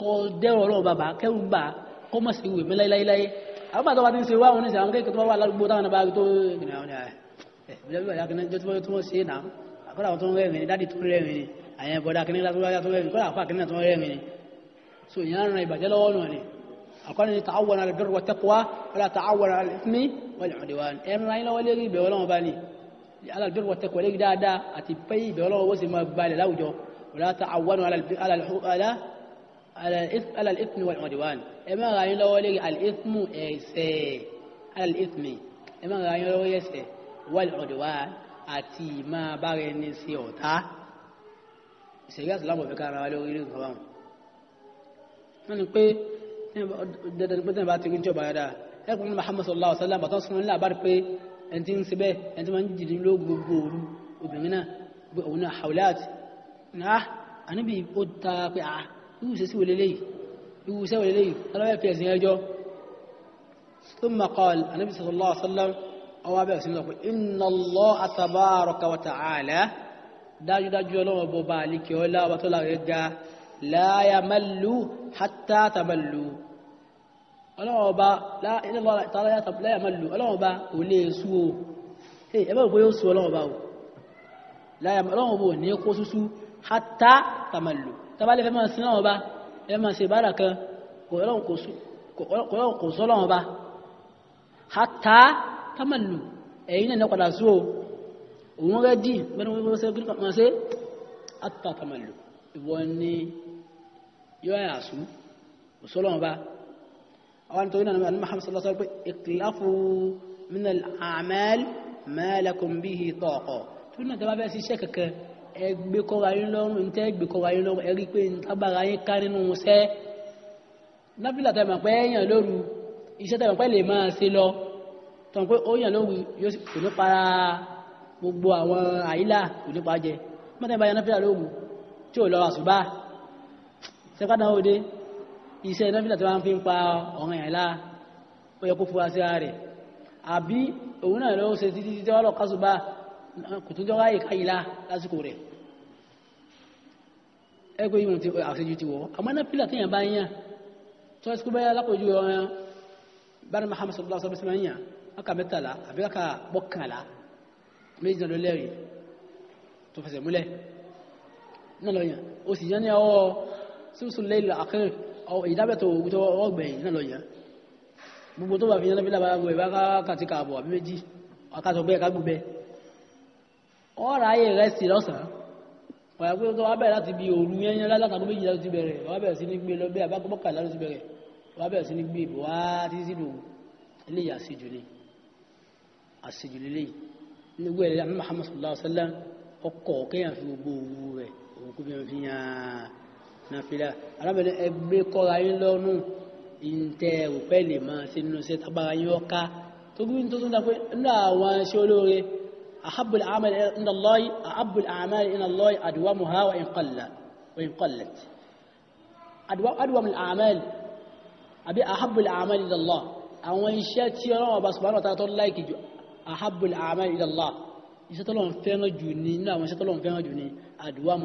kó dẹ́rọ̀ ọlọ́run bàbá kẹ́rù bà kó mọ̀ sí ìwé mi láéláéláé àwọn bàtọ́ bá ti ń ṣe wá wọn ní sàwọn kéèké tó wà ládùúgbò táwọn bá tó eh, eh, eh, kọ́lá àwọn tó ń rẹ́rìn ní dádì tó àyẹ̀bọ̀dá kìnnìkan tó rẹ́rìn ní kọ́lá àfà kìnnìkan tó rẹ́rìn ní so ìyẹn ń ìbàjẹ́ lọ́wọ́ náà ni akɔni ni ta'awwana 'ala al-birri wat-taqwa wala ta'awwana 'ala al-ithmi wal-'udwan ẹ mìíràn yín lọ́wọ́ léegi ìbẹ̀wò Ọlọ́run bá ní 'ala al-birri wat-taqwa léegi dáadáa àti pẹ́yì ìbẹ̀wò Ọlọ́run wọ́n sì máa balẹ̀ láwùjọ wala ta'awwanu 'ala al-ithmi wal-'udwan ẹ mìíràn yín lọ́wọ́ léegi al-ithmu ẹ̀ṣẹ̀ 'ala al-ithmi ẹ mìíràn yín lọ́wọ́ ẹ̀ṣẹ̀ wal-'udwan àti máa bára ẹni ṣe ọ̀tá ìṣèlú àti láwọn òfin kára wa lórí ilé ìgbà wọn. wọ́n ní pé dandan pé tẹ̀yìn bá ti rí jọba yàrá ẹkùnrin Muhammad sallallahu alaihi wa sallam bàtọ́ sọ̀rọ̀ ńlá àbárí pé ẹni tí ń ṣe bẹ́ẹ̀ ẹni tí wọ́n ń jìdí ló gbogbo òru obìnrin náà pé òun náà hawlat náà àníbi ó ta pé à irú iṣẹ́ sí wọlé léyìí irú iṣẹ́ wọlé léyìí aláwọ̀ fi ẹ̀sìn ẹjọ́ thumma qala àníbi sallallahu alaihi wa sallam ọwọ́ abẹ́ ẹ̀sìn lọ pé inna Allaha tabaraka wa dájúdájú ọlọ́wọ́ bọba àlíkẹ́ ọlá ọba tó láwọ̀ ẹ̀ ga la yamallu hatta tamallu ọlọ́wọ́ ọba la yamallu ọlọ́wọ́ ọba kò lè sú o ẹ bá gbé yóò sú ọlọ́wọ́ ọba o ọlọ́wọ́ ọba ò ní kó súsú hatta tamallu tabalẹ̀ fẹ́ máa sin ọlọ́wọ́ ọba ẹ máa ṣe ìbára kan ọlọ́wọ́ kò sọ ọlọ́wọ́ ọba hatta tamallu ẹ̀yìn náà padà sú o òun rẹ́ dì mẹ́rin wọ́n ṣe yóò yà sùn òṣòlọ́wọ́n bá àwọn nítorí náà ní Muhammad sallallahu alaihi wasallam pé ikhlafu min al-a'mal ma lakum bihi taqa tó náà dábàá bẹ́ẹ̀ sí iṣẹ́ kankan ẹgbẹ́ kọ́ wáyé lọ́rùn ní tẹ́ ẹgbẹ́ kọ́ wáyé lọ́rùn ẹrí pé agbára yín ká nínú sẹ́ nábìlà tẹ̀ mọ̀ pé èèyàn lóru iṣẹ́ tẹ̀ mọ̀ pé lè máa ṣe lọ tọ̀ pé ó yàn lóru yóò kò ní para gbogbo àwọn àyílà kò ní pa jẹ mọ́tẹ́ bá yẹn nábìlà lóru sẹ́kọ́dá òde iṣẹ́ nọ́fílà tí wọ́n fi ń pa ọ̀ràn yàn láà ó yẹ kó fura sí ara rẹ̀ àbí òun náà lọ́wọ́ ṣe títí títí wọ́n lọ kásùbà kò tún jọ́wọ́ àyè káyìlá lásìkò rẹ̀ ẹgbẹ́ yìí ti àṣejù ti wọ̀ àmọ́ nọ́fílà tí yàn bá ń yàn tó ẹsẹ̀ kó bẹ́yà lápòjú ọ̀ràn bá Muhammad sallallahu alaihi wasallam yàn aka mẹ́tàlá àbí aka mọ́kànlá méjì náà ló lẹ́rìí tó fẹsẹ̀ múlẹ̀ náà lọ yàn ó sì yàn ní ọwọ́ síbùsùn lẹ́yìn àkẹ́ ìdábẹ̀tọ̀ òwútọ́ ọgbẹ̀yìn náà lọ yẹn gbogbo tó bá fi yẹn lábẹ́ àbọ̀ ìbá kàtí kààbọ̀ àbí méjì akátọ̀gbẹ́ kágbùgbẹ́ ọ̀rọ̀ ayé rẹ̀ sì lọ́sàn-án wàá pé tó wá bẹ̀rẹ̀ láti bí òru yẹn yẹn látàkó méjì láti ti bẹ̀rẹ̀ wàá ni àṣejù sallallahu alaihi wa sallam ọkọ̀ kéèyàn fi gbogbo òru rẹ̀ òun kó fi hàn nàfílà alábẹ̀lẹ̀ ẹgbẹ́ kọ́ra yín lọ́rùn ìǹtẹ̀ òpẹ́ lè máa ṣe nínú iṣẹ́ tagbára yín ọká tó gbé tó tún dápé nínú àwọn iṣẹ́ olóore ahabul amal inda Allahi ahabul amal inda Allahi adwamuha wa in qallat wa in qallat adwamul amal àbí ahabul amal inda Allah àwọn iṣẹ́ tí Ọlọ́run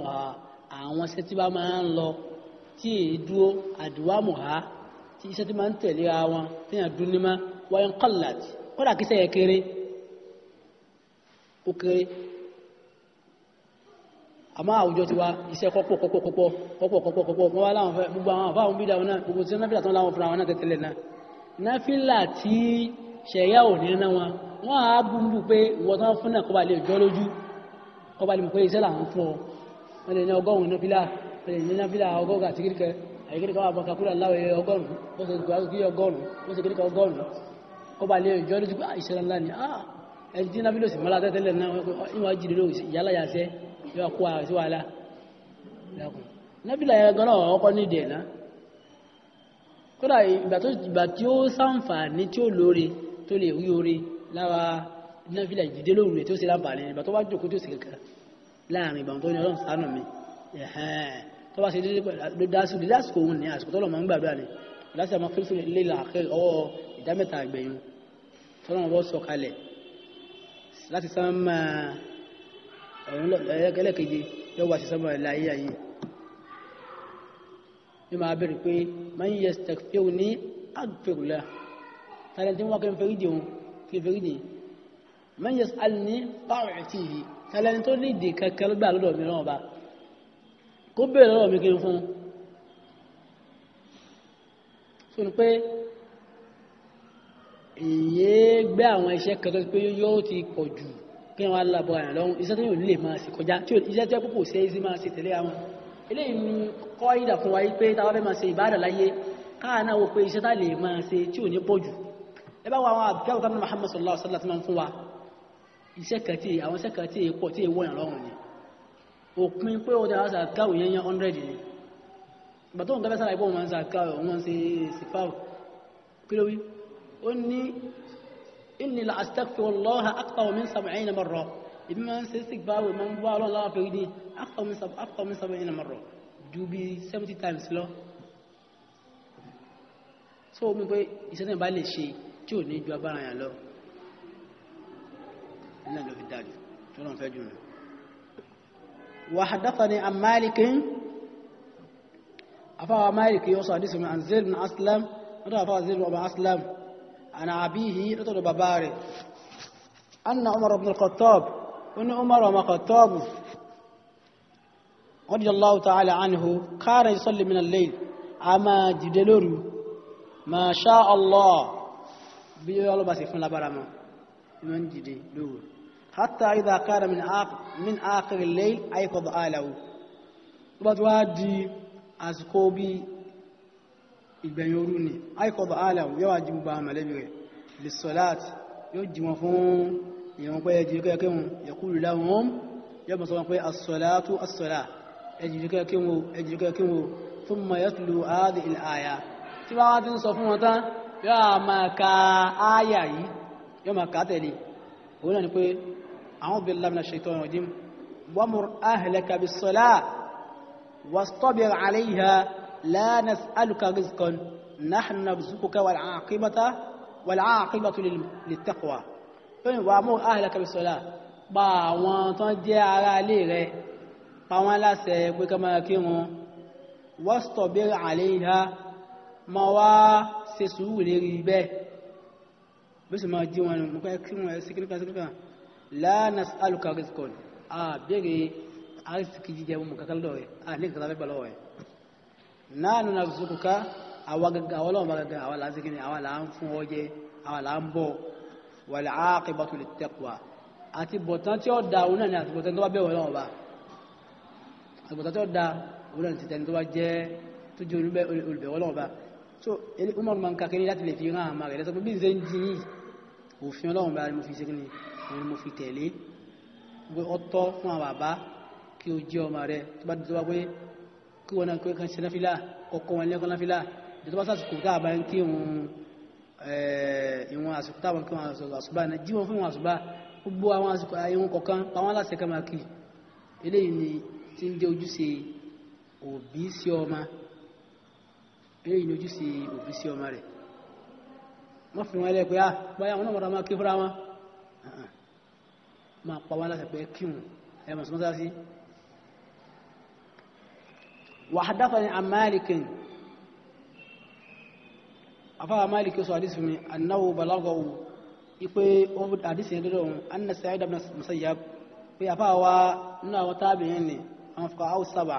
Ọba àwọn iṣẹ́ tí bá máa ń lọ tí èyí dúró àdúrà mọ̀há tí iṣẹ́ tí máa ń tẹ̀lé ra wọn tí yàn dún ní má wáyé ń kọ́lá tí kọ́lá kí sẹ́yẹ kéré ó kéré àmọ́ àwùjọ ti wá iṣẹ́ kọ́pọ̀ kọ́pọ̀ kọ́pọ̀ kọ́pọ̀ kọ́pọ̀ kọ́pọ̀ wọ́n wá láwọn fẹ́ gbogbo àwọn àbáwọn bí dáwọn náà gbogbo tí náfìlà tó láwọn fúnra wọn náà tẹ̀tẹ̀lẹ̀ náà náfìlà tí ṣẹ̀yà ò ní ná wọn wọ́n á bú bú pé ìwọ́n tó ń fún náà kọ́ba lè jọ́ lójú kọ́ba lè mọ̀ pé iṣẹ́ làwọn fún ọ wọ́n lè ní ọgọ́rùn-ún náfílà wọ́n lè ní náfílà ọgọ́rùn-ún àti kíríkẹ́ àti kíríkẹ́ wà bọ́ka kúrò aláwọ̀ ẹ̀yẹ ọgọ́rùn-ún wọ́n sì gbà kí ọgọ́rùn-ún wọ́n sì kíríkẹ́ ọgọ́rùn-ún kó ba lè jọ́ lójú pé ah, ìṣẹ̀lẹ̀ ńlá ni ah, ẹni tí náfílà sì mọ́lá tẹ́tẹ́lẹ̀ náà ah, ìwọ̀n ajílẹ̀ ló yálà yàṣẹ́ yóò kó ara sí wàhálà náfílà yẹn gan-an ní ìdẹ̀ náà kódà láàrin ìgbà tó ní ọlọ́run ṣàánú mi tó bá ṣe dédé ló dásù lè dásù òun ní àsìkò tọ́lọ̀ máa ń gbàdúrà ni lásìkò àwọn fífi lè là àkẹ́ ọwọ́ ìdámẹ́ta àgbẹ̀yìn tọ́lọ̀ wọ́n sọ kalẹ̀ láti sánmà ẹlẹ́kẹ̀jẹ yóò wá sí sánmà láyé ayé ní máa bẹ̀rẹ̀ pé man yastaghfiruni aghfir lahu tàbí tí wọ́n kẹ́ ń fẹ́rídìí òun kí ń fẹ́rídìí man yas'alni fa'utihi ẹlẹ́ni tó ní ìdè kankan ló gbà lọ́dọ̀ mi náà ọba kó bèèrè lọ́dọ̀ mi kí n fún un fún pé èyí gbé àwọn iṣẹ́ kan tó pé yóò ti pọ̀ jù kí wọ́n lábọ̀ àyàn lọ́wọ́ iṣẹ́ tó yóò lè máa sì kọjá tí iṣẹ́ tó kò sí ẹ́sì máa sì tẹ̀lé àwọn eléyìí ni kọ́ ìdà fún wa pé táwọn fẹ́ máa ṣe ìbádà láyé káàná wo pé iṣẹ́ tá lè máa ṣe tí ò ní pọ̀ jù ẹ bá wa àwọn àbíkẹ́ ọ̀tá Muhammad sallallahu alaihi wasallam fún wa iṣẹ́ kan tí àwọn iṣẹ́ kan tí èyí pọ̀ tí èyí wọ̀nyàn lọ́rùn ni òpin pé ó dára sàkáwò yẹn yẹn hundred ni ìgbà tó ń tọ́fẹ́ sára ìbọn wọn sàkáwò wọn ṣe sífáwò kí ló wí ó ní inni la astaghfirullaha akthar min sab'ina marra ìbí máa ń ṣe sígbàwò máa ń bọ́ ọlọ́run láwọn fèrè ní akthar min sab'ina marra ju bí seventy times lọ so mi pé ìṣẹ́ tí wọ́n bá lè ṣe tí ò ní ju agbára yẹn lọ iná ló fi dájú tó náà fẹ́ jù nù. wa hadathani an Malik afáwa Malik yóò sọ àdísì mi an Zayd bin Aslam lọ́dọ̀ afáwa Zayd bin Aslam an abihi lọ́dọ̀ bàbá rẹ̀ anna Umar ibn al-Khattab wani Umar ibn al-Khattab radiyallahu ta'ala anhu kana yusalli min al-layl a máa dìde lóru ma sha Allah bí ọlọ́ba sì fún lábára mọ́ ìmọ̀ ń dìde lóru hatta idha kana min akhir min akhir al-layl ayqad alahu tó bá ti wá di àsìkò bí ìgbẹ̀yìn òru ni ayqad alahu yóò wá jí gbogbo àwọn mọ̀lẹ́bí rẹ̀ lè sọ́láàt yóò jí wọn fún ìran pé ẹjì rẹ̀ kí wọn yaqulu lahum yóò mọ̀ sọ wọn pé as-salatu as-salah ẹjì rẹ̀ kí wọn ẹjì rẹ̀ kí wọn thumma yatlu hadhihi al-aya ti ń sọ fún wọn tán yóò máa ka áyà yìí yóò máa kà á tẹ̀lé ni pé أعوذ بالله من الشيطان الرجيم ومر أهلك بالصلاة واصطبر عليها لا نسألك رزقا نحن نرزقك والعاقبة والعاقبة للتقوى ومر أهلك بالصلاة با وان تنجي على ليغة با وان لا سيبك واصطبر عليها ما وا سسو لريبه بس ما جي وان مكا يكسي مو la nas'aluka rizqan a bere arziki jíjẹ mu kankan lọ rẹ a ní kankan fẹ́ lọ́wọ́ rẹ nanu narzuquka àwa gàgà àwọn ọlọ́run bá gàgà àwa là ń segin àwa là ń fún ọ jẹ àwa là wal aqibatu littaqwa àti bọ̀tán tí ó da òun náà ni àti bọ̀tán tó bá bẹ̀rẹ̀ ọlọ́run bá àti bọ̀tán tí ó da òun náà ni títẹni tó bá jẹ́ tó jẹ́ olùbẹ̀rẹ̀ ọlọ́run bá so Umar máa ń kakiri láti lè fi hàn àmà rẹ̀ lẹ́sọ̀ pé bí n ṣe ń di ni mo fi ṣe òun ni mo fi tẹ̀lé pé ọ tọ́ fún àwọn bàbá kí o jẹ́ ọmọ rẹ tó bá dúdú wá pé kí wọn náà pé kan ṣe náfìlà kọ́kọ́ wọn lẹ́kọ́ náfìlà ìjọba bá sàṣùkò tá a bá ń kí wọn eh, ìwọn àsìkò táwọn kí wọn àsùbá náà jí wọn fún wọn àsùbá gbogbo àwọn àsìkò eh, ìwọn kọ̀ọ̀kan àwọn aláṣẹ kan máa kì eléyìí ni ti ń jẹ́ ojúṣe òbí sí ọmọ eléyìí ni ojúṣe òbí sí ọmọ rẹ̀ wọ́n fi wọn ẹlẹ́pẹ́ à báyà wọn náà mọ̀ra máa kí fúnra wọn máa pa wá láti pé kírun ẹ sí mọ́sáàsì. وحدثني عن مالك أفا مالك يسوى حديث من أنه بلغه ipe hadisi yẹn lọ́dọ̀ anna sa'id ibn musayyab pe afa wa nínú àwọn tabi'in ni àwọn fuka aw saba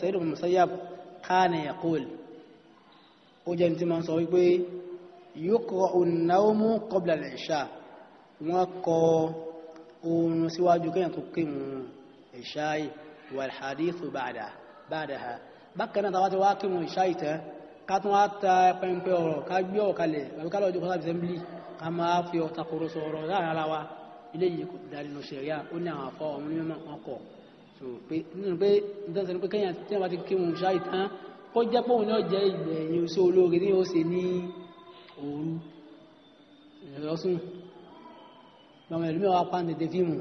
sa'id ibn musayyab kana yaqul ó jẹ́ ní tí ń sọ wípé yuqra'u an-nawmu qabla al-isha wọ́n kọ́ oorun síwájú kéèyàn tó kírun ìṣáì wàlhadithu ba'da ba'daha bákan náà tàbátí wá kírun ìṣáì tán ká tún wá ta pẹmpẹ ọ̀rọ̀ ká gbé ọ̀rọ̀ kalẹ̀ àbí ká lọ́jọ́ kọ́sá assembly ká máa fi ọ̀tà kóró sọ ọ̀rọ̀ láàrin ara wa ilé yìí kò darí nù sẹ̀ríà ó ní àwọn afọ ọmọ onímọ̀ wọn kọ̀ so pé nínú pé nítorí sẹ́ni pé kéèyàn tí wọ́n bá ti kírun ìṣáì tán kó jẹ́ pé òun náà ìgbẹ̀yìn oṣù olóore ní lọ́mọ ìlú mẹ́wàá pa tètè fíìmù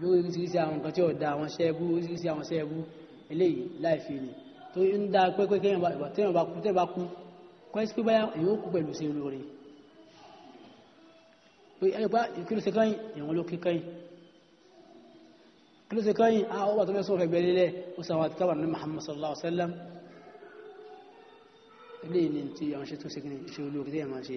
yóò oríṣiríṣi àwọn nǹkan tí ò da àwọn ṣẹ́ẹ̀bù oríṣiríṣi àwọn ṣẹ́ẹ̀bù eléyìí láì fi ni tó ń da pẹ́pẹ́ téèyàn bá kú téèyàn bá kú kọ́ẹ́sì pé báyà èyí ó kú pẹ̀lú ṣe olóore pé ẹni pa ah, kí ló ṣe kẹ́yìn ìwọ̀n ló kí kẹ́yìn kí ló ṣe kẹ́yìn a ah, ó wà tó mẹ́sàn-án fẹ̀gbẹ́ lélẹ̀ ó sàwọn àti kábàánú Muhammad sallallahu alaihi wa sallam eléyìí ni ti àwọn ṣe tó ṣe kí ni ṣe olóore téèyàn máa ṣe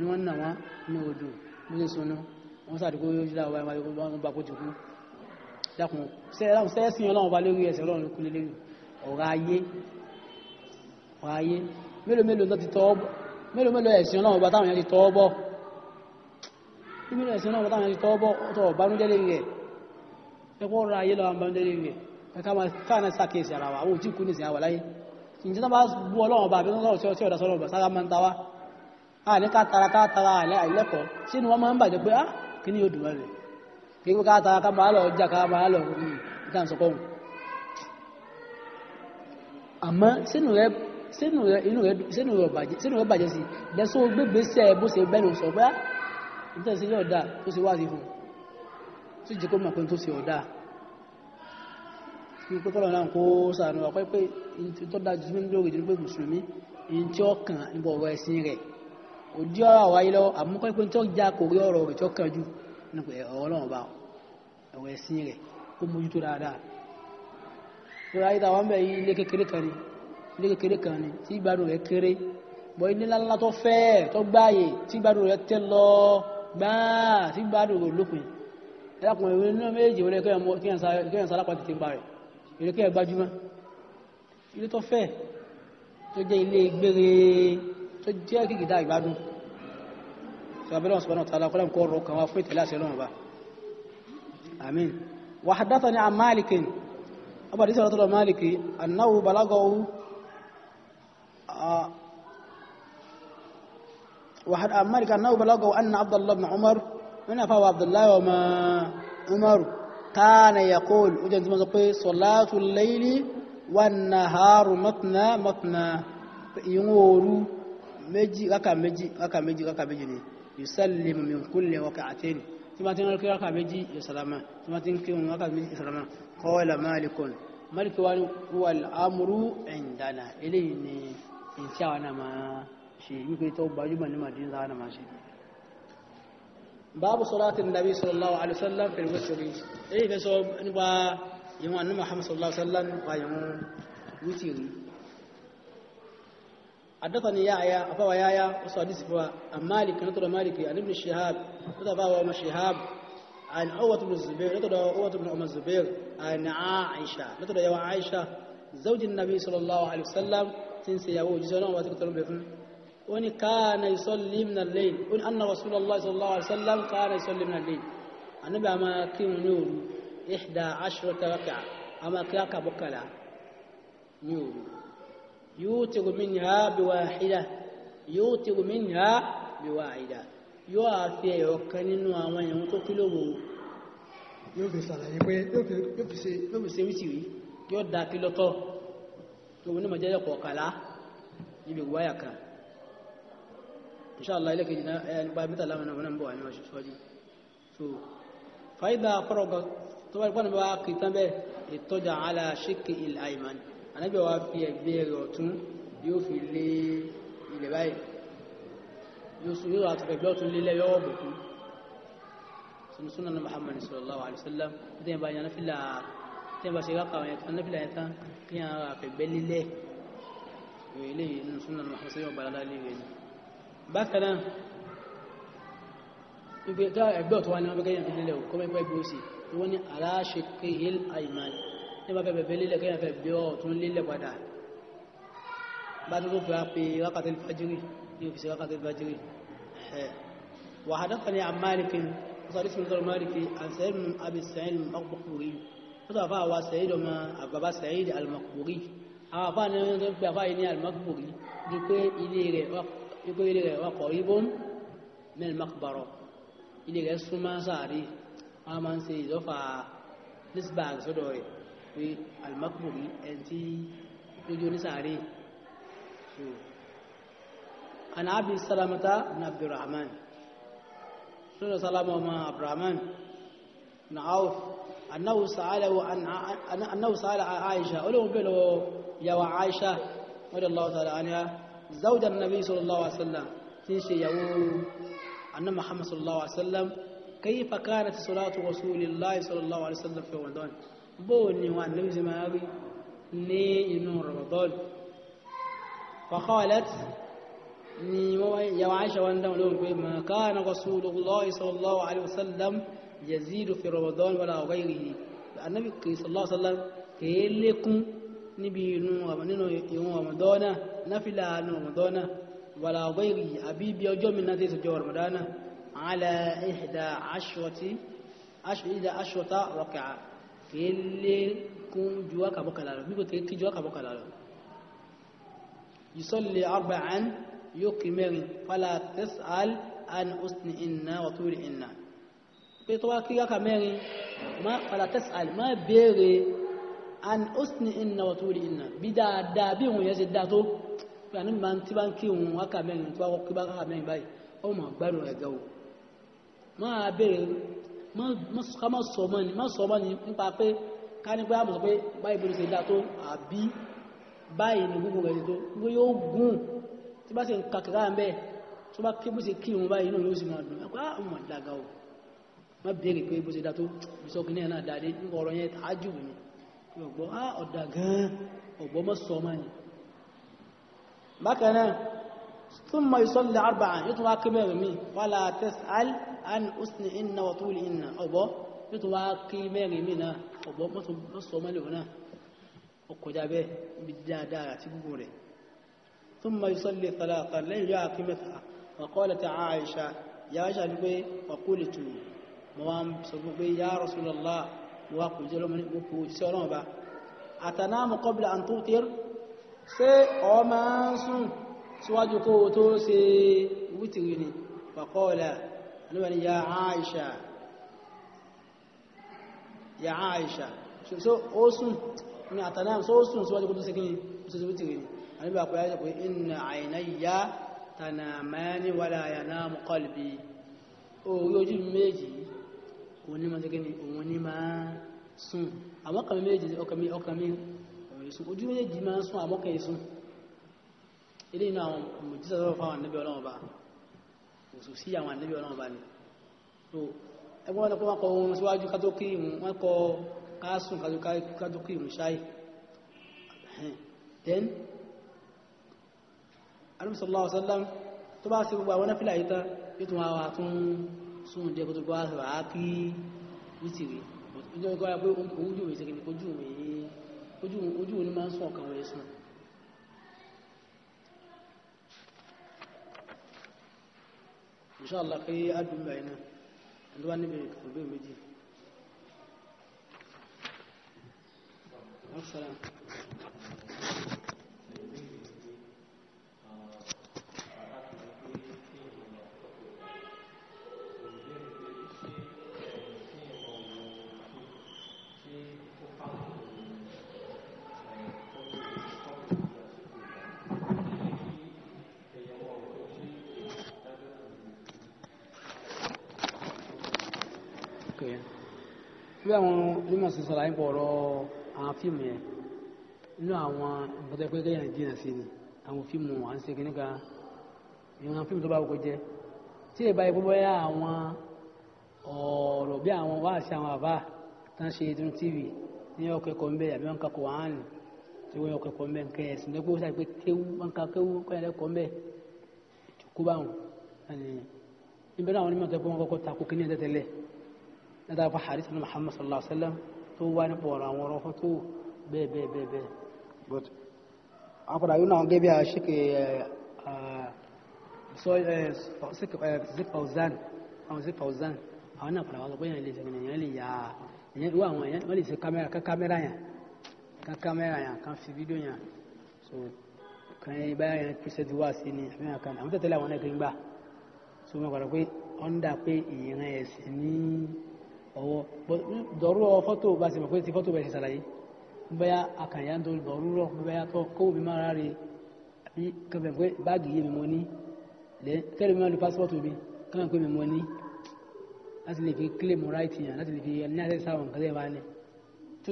ni wọ́n nà wọ́n ní odò nílé sọ́nà wọ́n sàdúgbò yóò jí láwọn báyìí wọ́n bá kó ti kú dákun sẹ́ẹ̀sìn ọlọ́run bá lórí ẹsẹ̀ ọlọ́run kú lélẹ́rù ọ̀rọ̀ ayé ọ̀rọ̀ ayé mélòó mélòó ti tọ́ mélòó mélòó ẹ̀sìn ọlọ́run bá táwọn yẹn ti tọ́ bọ́ mélòó ẹ̀sìn ọlọ́run bá táwọn yẹn ti tọ́ bọ́ ọ̀tọ̀ ọ̀bánújẹ́ lérí rẹ̀ ẹ̀kọ́ ọ̀rọ̀ ayé lọ́wọ́ ọ̀bánújẹ́ lérí rẹ̀ ẹ̀ka máa káàná sàkíyèsí ara wa àwọn òtí kú nísìnyí àwàláyé ǹjẹ́ tó bá bá àbí tó bá sára a ah, ní ká tara ká tara àìlẹ́kọ̀ọ́ sínú wọn máa ń bàjẹ́ pé ah kí ni yóò dùn rẹ̀ kí ká tara ká máa lọ jà ká máa lọ ní ìtàn sọkọ̀ hùn àmọ́ sínú rẹ̀ sínú rẹ̀ inú rẹ̀ sínú rẹ̀ bàjẹ́ sínú rẹ̀ bàjẹ́ sí lẹ́sọ́ gbégbèsè bó ṣe bẹ́ẹ̀ ló sọ pé ah nítorí sí yóò dáa tó ṣe wá sí fún tó jẹ́ kó mọ̀ pé tó ṣe ọ̀dà ní pé kọ́lọ̀ náà kó sàánú ọ̀pẹ́ pé tó dájú sí lórí ìdílé pé mùsùlùmí ní tí kò dí ọ̀rọ̀ àwáyé lọ́wọ́ àmúkọ́ pé tó já kò rí ọ̀rọ̀ rẹ̀ tó kánjú nípa ẹ̀rọ náà bá ọ̀rọ̀ ẹ̀sìn rẹ̀ kó mójútó dáadáa tó ráyé táwọn bẹ̀ yí ilé kékeré kan ni ilé kékeré kan ni tí ìgbádùn rẹ̀ kéré bọ́ ilé ńláńlá tó fẹ́ tó gbáàyè tí ìgbádùn rẹ̀ tẹ́ lọ gbáà tí ìgbádùn rẹ̀ lópin ẹlẹ́kùnrin ìwé náà méjì wọlé kéèyàn sálápá tètè pa rẹ̀ ìrẹ́kẹ́ gbajúmọ̀ ilé tó fẹ́ tó jẹ́ ilé gbére tó jẹ́ kí kìtà ìgbádùn tí wọ́n bẹ̀rẹ̀ wọn sọ̀rọ̀ tààlà kọ́lá kọ́ ọ̀rọ̀ kan wá fún ìtẹ̀lá sí ọlọ́run bá amin wa haddathani an malikin ọba disa rọtọlọ maliki annahu balagahu وحد أمريكا أنه بلغوا أن عبد الله بن عمر من أفاو عبد الله وما عمر كان يقول وجنز مزقي صلاة الليل والنهار متنا متنا يمورو méjì rákà méjì rákà méjì rákà méjì ni yusallimu min kulli rak'atayn tí ma ti ń rí rákà méjì ìsàlámà tí ma ti ń kírun rákà méjì ìsàlámà qala malikun maliki wa wal amru indana eléyìí ni ìtí àwọn náà máa ṣe wípé tó gbajúmọ̀ ní màdínlá náà máa ṣe باب صلاة النبي صلى الله عليه وسلم في الوتر أي فسوب نبا يوم أن محمد صلى الله عليه وسلم قايم وتري حدثني يعيا أبو يعيا وصديس فوى أمالك مالك نطر مالك عن ابن الشهاب هذا نطر أم الشهاب عن عوة بن الزبير نطر عوة بن أم الزبير عن عائشة نطر يا عائشة زوج النبي صلى الله عليه وسلم تنسي يا وجزنا وتكتلون بهم وإن كان يصلي من الليل وإن أن رسول الله صلى الله عليه وسلم كان يصلي من الليل النبي أما كيم نور إحدى عشرة ركعة أما كلاك بكلا نور يوتر منها بواحدة يوتر منها بواحدة yóò àfi ẹ̀yọ̀ kan nínú àwọn ẹ̀yàn tó kí lóòwò yóò fi sàlàyé pé yóò fi ṣe wítìrí yóò dá kí lọ́tọ̀ tó wọ́n ní mọ̀jẹ́ ẹ̀kọ̀ kàlá níbi ìwáyà kan inṣáàlá ilé kejì náà ẹni bá mítà láwọn ọmọ náà ń bọ̀ àwọn ọmọ ṣọ́jú so fàídà akọ́rọ̀gọ́ tó wà nípa nípa kìtàn bẹ́ẹ̀ ìtọ́jà aláṣíkì ìlàìmánì ànábì wa fi ẹ̀gbẹ́ rẹ̀ ọ̀tún yóò fi lé ilẹ̀ báyìí yóò sùn yóò àti ẹ̀gbẹ́ ọ̀tún lé lẹ́yọ́ ọ̀bùkú sunan muhammad sallallahu alaihi wasallam tí yẹn bá yẹn náfìlà tí yẹn bá ṣe rákà yẹn tán náfìlà yẹn tán kí yẹn ara fẹ̀gbẹ́ lílẹ̀ yóò ilé yìí nínú sunan muhammad sallallahu alaihi wasallam bákan náà ẹgbẹ́ ọ̀tún wa ni wọ́n fi lílẹ̀ tí wọ́n fẹ́ bẹ̀bẹ̀ lílẹ̀ kí wọ́n fẹ́ bẹ̀ ọ̀ tún lílẹ̀ padà bá tó fẹ́ pé wákàtí fàjírí ní òfìsí wákàtí fàjírí wà hadafa ni a malikin sọ́rí sí ọjọ́ maliki a sayid mun abi sayid al-makburi ó sọ fáwa sayid ọmọ àbàbá sayid al-makburi àwọn afá ni wọ́n gbé afá yìí ní al-makburi ju pé alimakuri ẹni tí lójú onísàárè so ana abi salamata na abdulrahman sọ́dọ̀ salama ọmọ abdulrahman na auf annahu sa'ala aisha olóhun bẹ̀rẹ̀ yawa aisha radiyallahu ta'ala anha zaujar nabi sallallahu alaihi wasallam tí ń ṣe yàwó annabi muhammad sallallahu alaihi wasallam kayfa kanat salatu rasulillahi sallallahu alaihi wasallam fi ramadan بوني وان لم يسمع أبي ني نور بطول فقالت ني يا عائشة وان دون ما كان رسول الله صلى الله عليه وسلم يزيد في رمضان ولا غيره النبي صلى الله عليه وسلم قال لكم نبي نور منين يوم رمضان نفلا نور رمضان ولا غيره أبي بيوجو من نتيجة جو رمضان على إحدى عشرة عشرة عشرة ركعات kìí lé kún ju wákà mọ́kànlá lọ bíkò kìí ju wákà mọ́kànlá lọ yusalli arba'an yóò kí mẹ́rin fala tas'al an usni inna wa turi inna pé tó wá kí wákà mẹ́rin fala tas'al má béèrè an usni inna wa turi inna bí dáadáa bí òun yẹn ṣe dáa tó pé àní ká má sọ mọ́ ni má sọ mọ́ ni nípa pé ká ní pé àmọ̀ pé báyìí bó ṣe dá tó àbí báyìí ní gbogbo rẹ̀ tó gbogbo yóò gùn tí bá ṣe ń kàkàrà ń bẹ́ tó bá ké bó ṣe kí ìrun báyìí náà yóò sì máa dùn ẹ̀kọ́ àwọn àdàgà ò má béèrè pé bó ṣe dá tó ìṣọ́kì náà náà dáadé nípa ọ̀rọ̀ yẹn àájù ni ọ̀gbọ́n ọ̀dà gan-an ọ̀gbọ́n náà ثم يصلي أربعة يطوى كبير ولا تسأل عن أسن إن وطول إن أبو يطوى كبير من أبو مصر ملونا وقدا به بالدادارة تبوري ثم يصلي ثلاثا لا يجاك مثلا وقالت عائشة يا جلبي وقلت موام سببي يا رسول الله وقل جلو من أبو أتنام قبل أن تغطر سي أمان سنك síwájú kó o tó ṣe wítìrì ni fàkọ́ọ̀lá níwọ̀n ya Aisha ya Aisha so ó sùn ní àtàlá so ó sùn síwájú kó tó ṣe kí ni ó ṣe wítìrì ni àníbà pé ayájọ pé inna àìnáyà tanamani wala yanamu qalbi orí ojú méjì òun ní máa ṣe kí ni òun ní máa sùn àwọn ọkàn méjì ọkàn mi ọkàn mi ojú méjì máa sùn àwọn ọkàn ìsùn ilé inú àwọn mùjísà sọ́rọ̀ fún àwọn ànábì ọlọ́run ọba òsù sí àwọn ànábì ọlọ́run ọba ni so ẹgbọ́n wọn kọ́ wọn kọ ohun síwájú ká tó then alùsọ̀lá ọ̀sọ́lám tó bá sí gbogbo àwọn náfìlà yìí tán yóò tún wá tún sún jẹ́ kó tó gbọ́ àṣà wàá kí wítìrì ojú ọgbà ni máa ń sún ọkàn wọ̀nyí sùn إن شاء الله قي أدم بينا عندما نبي قلبي بيه السلام bí àwọn onímọ̀ sí sọ̀rọ̀ àyìnbọ̀ ọ̀rọ̀ àwọn fíìmù yẹn nínú àwọn ìbọ̀tẹ́ pé kéèyàn dínà sí ni àwọn fíìmù à ń ṣe kí níka ìran fíìmù tó bá wọ́pọ̀ jẹ́ tí ìbá yẹ gbogbo yá àwọn ọ̀rọ̀ bí àwọn wáàsí àwọn àbá tó ń ṣe ètò tv ní ọkọ̀ ẹ̀kọ́ mbẹ́ àbí wọn kakọ̀ wọ́n ní tí wọ́n ọkọ̀ ẹ̀kọ́ mbẹ́ nkẹ́ ẹ̀sìn lẹ́gbẹ́ wọ́n sàgbé ní pé nígbà pé hadith ní muhammad sallallahu alaihi wa sallam tó wá nípa ọ̀rọ̀ àwọn ọ̀rọ̀ fún tó bẹ́ẹ̀ bẹ́ẹ̀ bẹ́ẹ̀ bẹ́ẹ̀ but àpàdà yóò náà gẹ́bí àṣekè zipawzan àwọn zipawzan àwọn náà padà wá sọ pé èèyàn lè ṣe èèyàn lè yà èèyàn wọ àwọn èèyàn wọ́n lè ṣe kámẹ́rà ká kámẹ́rà yàn ká kámẹ́rà yàn ká fi fídíò yàn so kan yẹn báyà yẹn pèsè ti wá sí ni àbí yàn kan àwọn tẹ̀tẹ̀lẹ̀ àwọn náà kì í gbà so mo gbàdọ̀ pé ọ̀ndà pé ìran ẹ̀sìn ní ọwọ́ dọ̀rú ọ fọ́tò bá sì mọ̀ pé ti fọ́tò bẹ̀ ṣe ṣàlàyé bóyá akànyà ń dorí dọ̀rú rọ̀ bóyá kọ́ kówó mi máa rárẹ̀ àbí kẹfẹ́ pé báàgì yé mi mọ́ ní kẹ́lẹ́ mi máa lo pásítọ̀tù mi kọ́nà pé mi mọ́ ní láti lè fi claim right yàn láti lè fi ní àṣẹ sáwọn nǹkan tẹ́ bá ní tí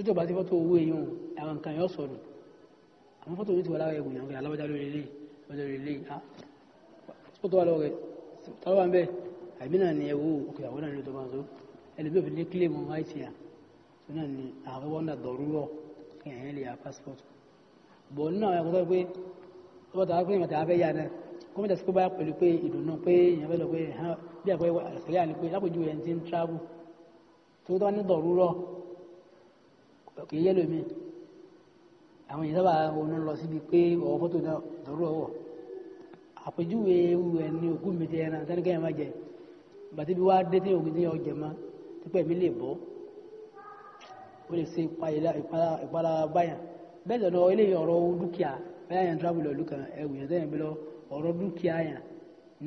ah fọ́tò wà lọ́wọ́ rẹ̀ tọ́lọ́wà ń bẹ́ẹ̀ àìmínà ni ẹ̀wù òkè àwọn náà ní tó bá ń sọ ẹlòmíì òfin ní kílèmù àìsíà tó náà ni àwọn afẹ́wọ́n náà dọ̀rúrọ̀ kí ẹ̀yìn lè yà pásítọ̀tù bọ̀ nínú àwọn ẹ̀kọ́ tó pé ọba tàbí pé ìmọ̀tà abẹ́ yá náà kó mẹ́ta sí pé báyà pẹ̀lú pé ìdùnnú pé èèyàn fẹ́ lọ pé bí àpẹ́ àṣẹlẹ̀ àní pé lápòjú ẹni tí ń tíráàbù tó tó wá ní dọ̀rúrọ̀ kì í yẹ lómi àwọn èèyàn sábà onú lọ síbi pé ọ̀wọ́ fọ́tò náà dọ̀rúrọ̀ wọ̀ àpèjúwe ewu ẹni òkú mi ti ẹran sẹ́ni kẹ́yìn má jẹ bàtí bí wá dé tí òkú ti yàn ọjẹ máa pípẹ́ mi lè bọ́ ó lè ṣe ìpara báyà bẹ́ẹ̀ lọ́nà ilé ọ̀rọ̀ dúkìá bẹ́ẹ̀ yẹn travel lọ́lù kan ẹ̀wù yẹn tẹ́yìn bí lọ ọ̀rọ̀ dúkìá yẹn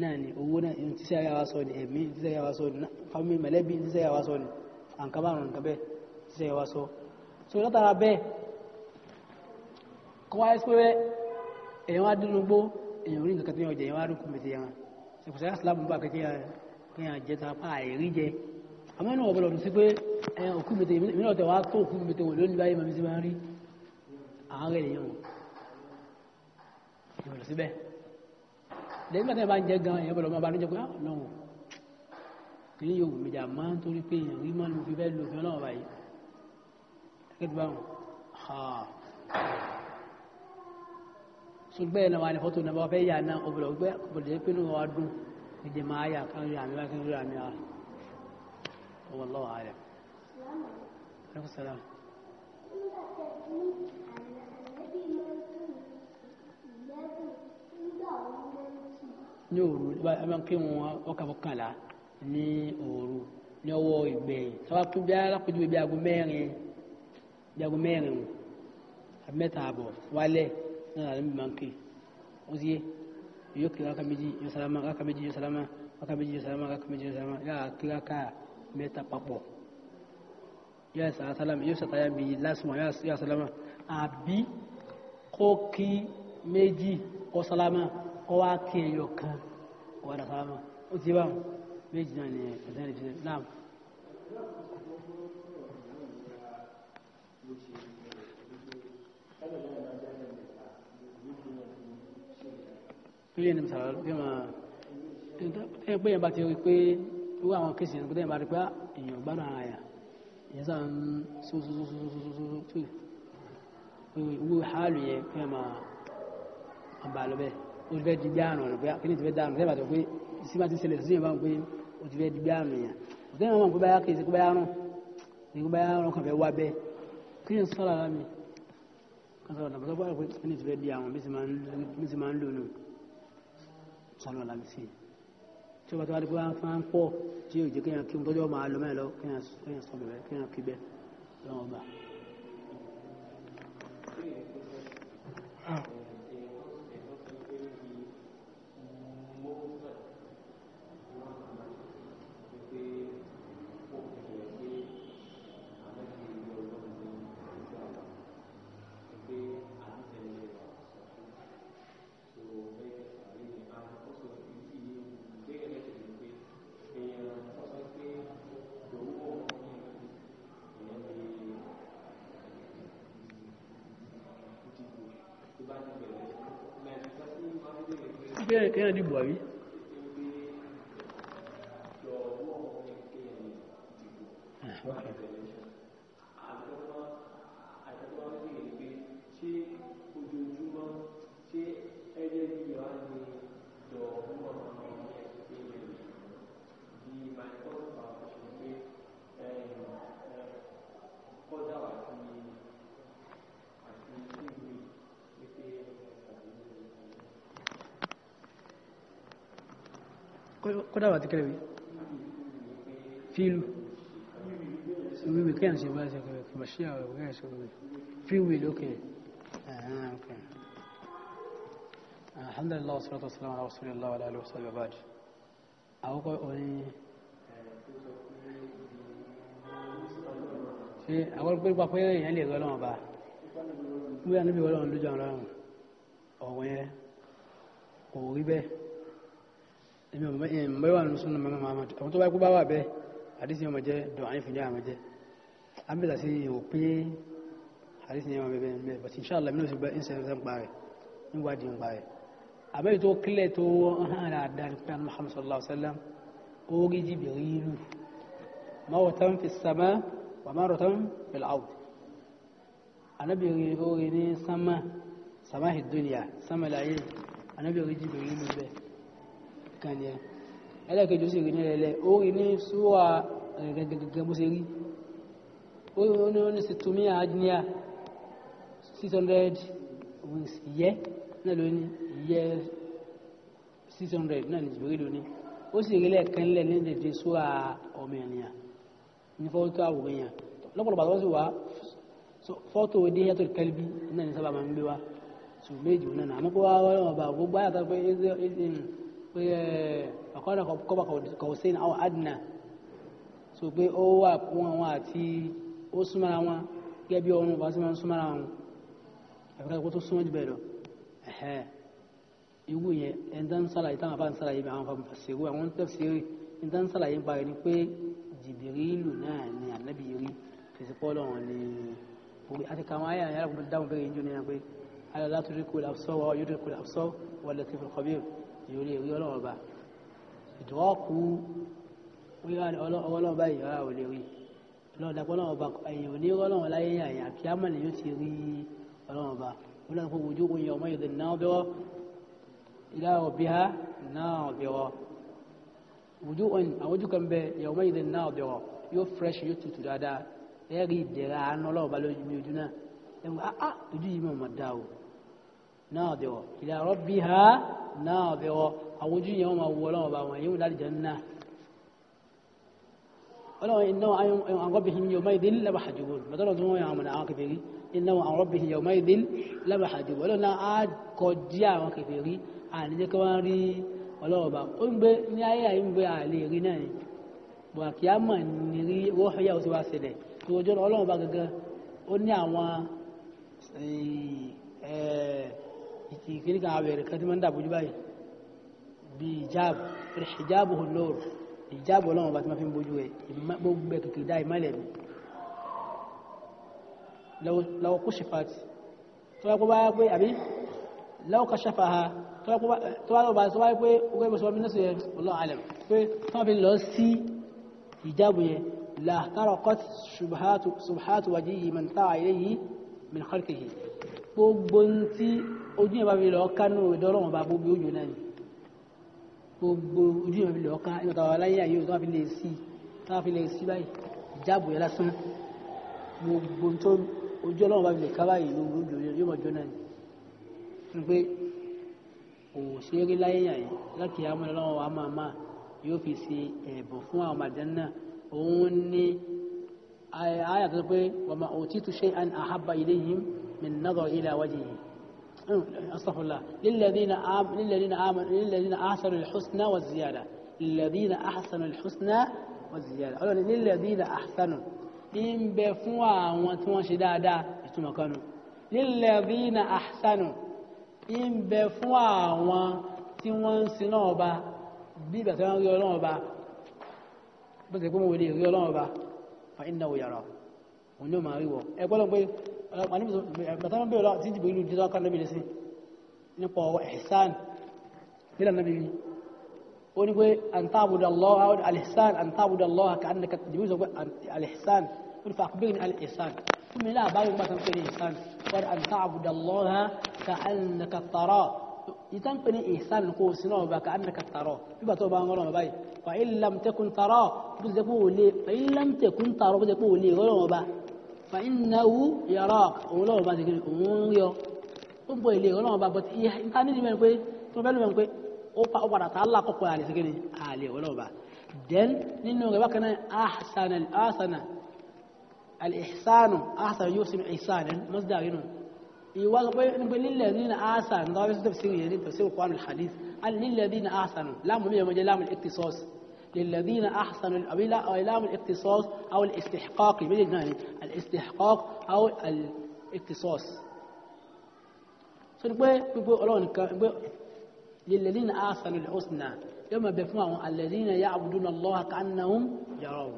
náà ni owó náà ní tíṣẹ́ yà wá sọ ni ẹ̀mí ní tíṣẹ́ yà wá sọ ni fámi mẹ̀lẹ́bí ní tíṣẹ́ wá sọ ni àǹkàbà so látara bẹ́ẹ̀ kọ́ wáyé pé èèyàn wá dínú gbó èèyàn orí nǹkan tó yàn jẹ èèyàn wá rí kùmẹ̀tì yẹn wọn àmọ́ inú ọ̀bọ̀lọ̀ sí pé òkú mẹ́tẹ̀ ìmìnà tẹ̀wà tó òkú mẹ́tẹ̀ wò lónìí báyìí mẹ́sí máa rí àárẹ̀ èèyàn ìbọ̀lọ̀ síbẹ̀ lẹ́yìn mẹ́tẹ̀ bá ń jẹ́ gan èèyàn bọ̀lọ̀ máa bá ní jẹ́ pé ah, lọ́wọ́ kì í yòówù méjà máa ń torí pé èèyàn rí máa ń fi bẹ́ẹ̀ lò fẹ́ yà náà ọ̀bọ̀lọ̀ gbẹ́ ọ̀bọ̀lọ̀ jẹ́ pé ní ìdè máa yà kan rí àmì wá rí àmì wá والله أعلم عليكم السلام ní òru ẹ máa ń kí wọn ọkà mọ́kànlá ní òru ní ọwọ́ ìgbẹ̀yìn sábà kí bí alákòjú bíi aago mẹ́rin bíi aago mẹ́rin o àbí mẹ́ta àbọ̀ wálẹ̀ náà làlẹ́ mi máa ń kí ó sì yé yóò kí rákà méjì yóò sálámà rákà méjì yóò sálámà rákà méjì yóò sálámà rákà méjì yóò sálámà mẹ́ta papọ̀ yóò ṣe àṣàlámà yóò ṣàtàyà méjì lásìmọ̀ yóò àṣàlámà àbí kó kí méjì kó sálámà kó wá kí ẹyọ kan kó wá dà sálámà ó ti bá méjì náà nìyẹn ẹ̀sẹ̀ ní ìfisẹ̀ náà. ilé ní sàrọ̀ bí wọ́n ẹ pé yẹn bá ti rí pé wọ́n àwọn kéèsì yẹn kúrẹ́ ìbárí pé ah, èèyàn gbádùn ara yà èèyàn sáà ń sọ́sọ́sọ́sọ́sọ́sọ́ ìwú hálù yẹn pé máa bá lọ bẹ́ẹ̀ di bí àrùn rẹ̀ pé ah, kí ni ti fẹ́ di bí àrùn yẹn ọ̀tẹ́ ìwọ̀n pé báyà kéèsì pé báyà rùn ní pé báyà rùn kàn fẹ́ wá bẹ́ẹ̀ kí ni ah, di àwọn bí ti máa ń lò nù sọ́ra tí wọ́n bá tó wá fún un pọ̀ tí yóò jẹ́ kéèyàn kí n tọ́jú ọmọ àlọ́ mẹ́rin lọ kéèyàn sọ bẹ̀rẹ̀ kéèyàn kí bẹ́ẹ̀ lọ́wọ́ gbà. yana dìbò àbí. kódà wà ti kẹrẹ wí fílù wíwì kí à ń ṣe bá ṣe kẹrẹ kí bàṣí àwọn ìwé ẹ̀ṣọ́ wíwì lókè alhamdulillah wasalatu wasalamu ala rasulillah wa alihi wasallam wa ba'd àkọ́kọ́ orin ṣe àwọn gbégbá pé èèyàn lè rọlọ́wọ́n bá wíwà níbi rọlọ́wọ́n lójú àwọn ọ̀rọ̀ ọ̀wọ́ yẹn kò rí bẹ́ẹ̀ èmi ò mọ̀ wà nínú súnà mọ́mọ́ Muhammad àwọn tó bá kú bá wà bẹ́ẹ̀ àdísì ọmọ jẹ́ dùn àyìn fìdí àmọ́ jẹ́ àmìlà sí ìwò pé àdísì yẹn wà bẹ́ẹ̀ bẹ́ẹ̀ but inshallah mínú sí gbẹ́ ìṣẹ́fẹ́ ń pa rẹ̀ níwádìí ń pa rẹ̀ àbẹ́yì tó kílẹ̀ tó hàn dáadáa ní pé Muhammad sallallahu alaihi wasallam ó rí Jibrilu mawtan fi sama wa maratan fil ard Ànábì orin ní sama sama hid dunya sama láyé Ànábì orin Jibrilu bẹ́ẹ̀ kan ni ẹ ẹlẹ́kẹjọ sì rí ní ẹlẹ́ ó rí ní súwà gẹ́gẹ́gẹ́gẹ́ bó ṣe rí ó ní ó ní situmi six hundred wings yẹ náà ló ní yẹ six hundred náà ní jìbìrì ló ní ó sì rí lẹ́ẹ̀kan lẹ́ ní dèjì súwà ọmọ ènìyàn ní fọ́tò àwòrán yẹn lọ́pọ̀lọpọ̀ àtọ́sí wa fọ́tò díyàtò kẹlbí náà ní sábà máa ń gbé wa sùn méjì náà àmọ́ kó wá wọ́n ọba gbogbo àyàtọ̀ pé pé ọ̀kọ́dà kọ́bà kọ̀ọ̀sẹ́ni àwọn adìnà so pé ó wà fún àwọn àti ó súnmọ́ra wọn gẹ́gẹ́ bí ọrùn bá sí máa ń súnmọ́ra wọn àfikà kó tó súnmọ́ jù bẹ́ẹ̀ lọ ẹ̀hẹ́ irú yẹn ẹ̀ńdá ń sàlàyé táwọn afá ń sàlàyé àwọn afá ń fàṣẹ́rú àwọn ń tẹ̀sírí ẹ̀ńdá ń sàlàyé ń parí ni pé jìbìrìlù náà ni ànábì yẹrí kìsì pọ́lọ̀ wọn ni orí àti kàwọn ayé àyàrá kò dáhùn bẹ́ẹ̀ yẹn jù ní ẹgbẹ́ alẹ́ látúrí kò làbsọ́ wà yóò rí kò làbsọ́ wà lẹ́tí fún kọ́bíyèsí ìròyìn ìwé ọlọ́run ọba ìdọ́ọ̀kú wíwá ọlọ́run ọba ìyára ò lè rí ọlọ́run dàpọ̀ ọlọ́run ọba ẹ̀yìn òní ọlọ́run láyé àyà kí á mọ̀lẹ́ yóò ti rí ọlọ́run ọba wọn lọ́nà fún ojú oyin ọmọ ìdè náà bẹ́wọ́ ilá ọ̀bí ha náà bẹ́wọ́ ojú oyin àwọn ojú kan bẹ ọmọ ìdè náà bẹ́wọ́ yóò fresh yóò tutù dáadáa ẹ̀rí ìdẹ̀ra náà bẹ̀ ọ àwọn ojú yẹn wọ́n máa wọ ọlọ́wọ́ bá wọn yóò láti jẹ́ náà ọlọ́wọ́ iná àwọn rọ́bìhìn yóò máa ìdín lábà àjùgbò lọ́tọ́lọ́ tó wọ́n yà àwọn àwọn kèfèrí iná àwọn rọ́bìhìn yóò máa ìdín lábà àjùgbò ọlọ́wọ́ náà á kọjí àwọn kèfèrí àní jẹ́ kí rí ọlọ́wọ́ bá ó ń gbé ní ayé àyè ń gbé àlè rí náà ni bọ̀ àkíyàmọ̀ ní rí wọ́ọ̀yà ó ti wá sílẹ̀ tó ojú ọlọ́wọ́ bá gẹ́gẹ́ ó ní àwọn àti kí ní kan àwẹ̀rẹ̀ kan tí ma ń dàbójú báyìí bí hijab hijab hulor hijab ọlọ́wọ́n bá ti ma fi ń bójú ẹ̀ gbogbo ẹ̀ kìkì dá ìmọ́lẹ̀ mi law kushifat tó wá kó bá pé àbí law kashafaha tó wá kó bá tó wá pé ogé bó sọ mí nẹ́sẹ̀ ọlọ́wọ́n alẹ̀ pé tó wá fi lọ sí hijab yẹn lahtaraqat subhatu wajhi man ta'a min khalqihi gbogbo tí ojú yẹn bá fi lọ ká nù ìdọ́ ọlọ́run bá bóbi òjò náà ni gbogbo ojú yẹn bá fi lọ ká ìgbà tàwọn aláyé àyè òjò tó wà fi lè sí tó wà fi lè sí báyìí ìjáàbò yẹn lásán gbogbo tó ojú ọlọ́run bá fi lè ká báyìí gbogbo òjò yóò mọ̀ jọ náà ni fún pé kò láyé àyè láti àwọn ọlọ́run wa máa máa yóò fi ṣe ẹ̀bùn fún àwọn àjẹn náà òun ni àyà tó pé wàmà òtítù shay'an ahabba ilayhim min nadar ila wajhihi استغفر الله للذين آم... للذين آمنوا للذين أحسنوا الحسنى والزيادة للذين أحسنوا الحسنى والزيادة ọlọ́run ní للذين أحسنوا ń bẹ fún àwọn tí wọ́n ṣe dáadáa ìtumọ̀ kanu للذين أحسنوا ń bẹ fún àwọn tí wọ́n ń sin náà ọba bí ìgbà tí wọ́n rí ọlọ́run ọba bó ṣe pé mo wòlé rí ọlọ́run ọba fa innahu yara òun yóò máa rí wọ ẹ gbọ́dọ̀ pé bàtà wọn bèèrè lọ títí bèèrè lùdí lọ́kàn lóbi lẹ́sìn nípa ọwọ́ ihsan nílẹ̀ nàbí mi ó ní pé àǹtàbùdà lọ́wọ́ alihsan àǹtàbùdà lọ́wọ́ kà ánìkà jìbí sọ pé alihsan ó ní fàkùbíyìn alihsan fún mi náà bá yóò gbàtà pé ní ihsan wọ́n àǹtàbùdà lọ́wọ́ kà ánìkà tọrọ ìtàn pé ní ihsan kò sí náà bá kà ánìkà tọrọ nígbà tó bá ń rọrùn báyìí fa fa ilam tẹkun tọrọ bó ti jẹ kó rọrùn bá fàínàwó yàrá òun lọ́wọ́ bá ti kiri òun ń yọ ó ń bọ̀ ilé ọlọ́wọ́ bá bọ̀ tí ìyá ìta nídìí mẹ́rin pé tí wọ́n fẹ́ lómẹ́rin pé ó padà tá lákọ̀ọ́kọ́ àlè sí kiri àlè ọlọ́wọ́ bá den nínú rẹ̀ bákan náà ahsana al-ihsanu ahsana yóò sinmi ihsanan masdar inú ìwà pé nípa lílẹ̀ nínú ahsan tó wá fi sí tafsir للذين أحسنوا الأولام الاختصاص أو الاستحقاق بالجنان الاستحقاق أو الاختصاص sori pé gbogbo ọlọ́run nìkan gbé lilladhina ahsanul husna yóò máa bẹ fún àwọn alladhina ya'buduna Allaha ka'annahum yarahu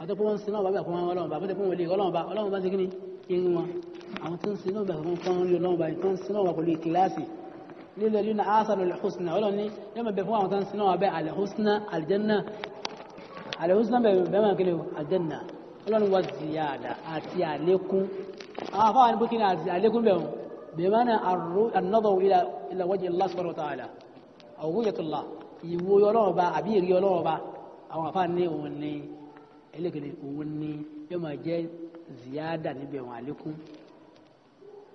àti pé wọ́n ń sin náà bàbá fún wọn ọlọ́run bàbá fún wọn lè ọlọ́run bá ọlọ́run bá ti kí ni irin wọn àwọn tí ń sin náà bàbá fún wọn rí ọlọ́run bá tí ń sin náà wà pẹ̀lú ìkíláàsì lílẹ̀ lónà áásàlù alhusna ọlọ́run ní yóò máa bẹ fún àwọn tán sinú abẹ́ alhusna aljanna alhusna bẹ̀rẹ̀ máa kéde aljanna ọlọ́run wà ziyada àti àlékún àwọn afáwọn ní bókínì àti àlékún bẹ̀rẹ̀ bẹ̀rẹ̀ máa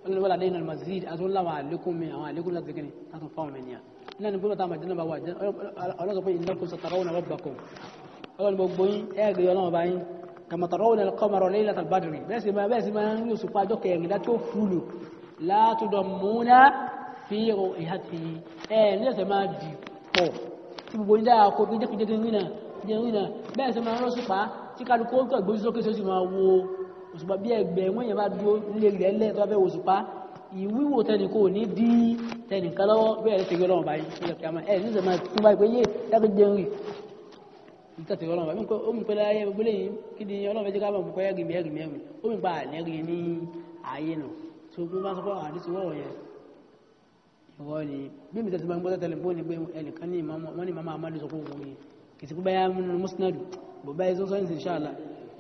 wọn ni wọn làdé iná mazid àti wọn làwọn àlékún mi àwọn àlékún láti gini láti fáwọn mi nìyà náà ni gbọ́dọ̀ tá a máa jẹ́nà bá wà ọlọ́sọ̀ fún ìlú kùsọ̀ tàbá wọn bá kọ ọlọ́run gbogbo yín ẹ̀ẹ́gì ọlọ́run bá yín kàmọ̀tàrọ́ wọn kọ́ mọ̀rọ̀ lẹ́yìn láti bàdìrì bẹ́ẹ̀ sì máa bẹ́ẹ̀ sì máa ń rí òṣùpá ọjọ́ kẹrin dá tí ó fúlù látọ̀dọ̀ múná fi ìhà ti ẹ̀ ní ẹ̀sẹ̀ máa dì pọ̀ tí gbogbo yín kó bí jẹ́kijẹ́kí ń rìnà bẹ́ẹ̀ máa ń rọ́ṣùpá tí kálukú òṣùpá bí ẹgbẹ́ wọ́n yẹn bá dúró nílé rẹ̀ lẹ́ tó bá fẹ́ òṣùpá ìwíwò tẹnìkó ní dí tẹnìkan lọ́wọ́ bẹ́ẹ̀ ṣe gbọ́dọ̀ báyìí ṣe kí a máa ẹ̀ ní sọ máa tún báyìí pé yé dákẹ́ jẹun rì ìtàtì ọlọ́run bàbá ó mi pẹ́lẹ́ ni ọlọ́run fẹ́ jẹ́ ká bàbá pẹ́ ẹ̀rì mi ẹ̀rì mi ẹ̀rì ó ní ayé tó bá sọ pé àwọn àdísí wọ́ọ̀rọ̀ yẹn ìwọ ni bí mi tẹ̀sí máa ń gbọ́ ni màmá amadu sọ fún òun sọ́sọ́ ní sìn ṣáàlà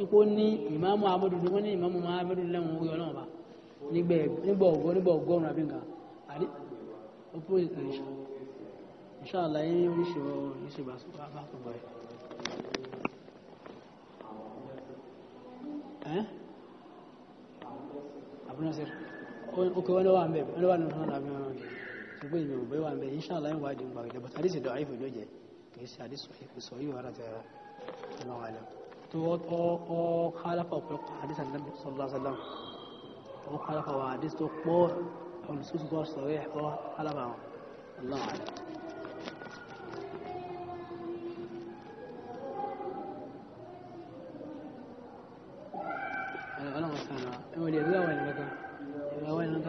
ipò ní ìmáàmù amadu ni wọ́n ní ìmáàmù amadu lẹ́wọ̀n orí ọlọ́run ọba nígbà ọgọ́ nígbà ọgọ́rùn-ún àbí nǹkan àdé ọpọ ìkà ìṣà ìṣà àlàyé oríṣiríṣi ìṣèbà bá tó bọ̀ ẹ́ abúlọ́sẹ̀rẹ̀ ókè wọ́n wà ń bẹ̀ wọ́n wà nínú ọ̀nà àbí wọn ṣùgbọ́n ìmọ̀ bẹ́ẹ̀ wà ń bẹ̀ àlàyé wà dìgbà ìdẹ̀bọ̀tà àdìsẹ̀dọ̀ àìfò ìlú jẹ́ kì í ṣe àdìsọ̀ ìfòsọ̀ yìí wà rà tẹ́ra ọlọ́wọ́ àlọ́ تو او او خالف أطلق حديث النبي صلى الله عليه وسلم أو خالف حديث تو بور أو نصوص بور صحيح أو خالف الله أعلم أنا مثلا أول يوم وين لك وين لك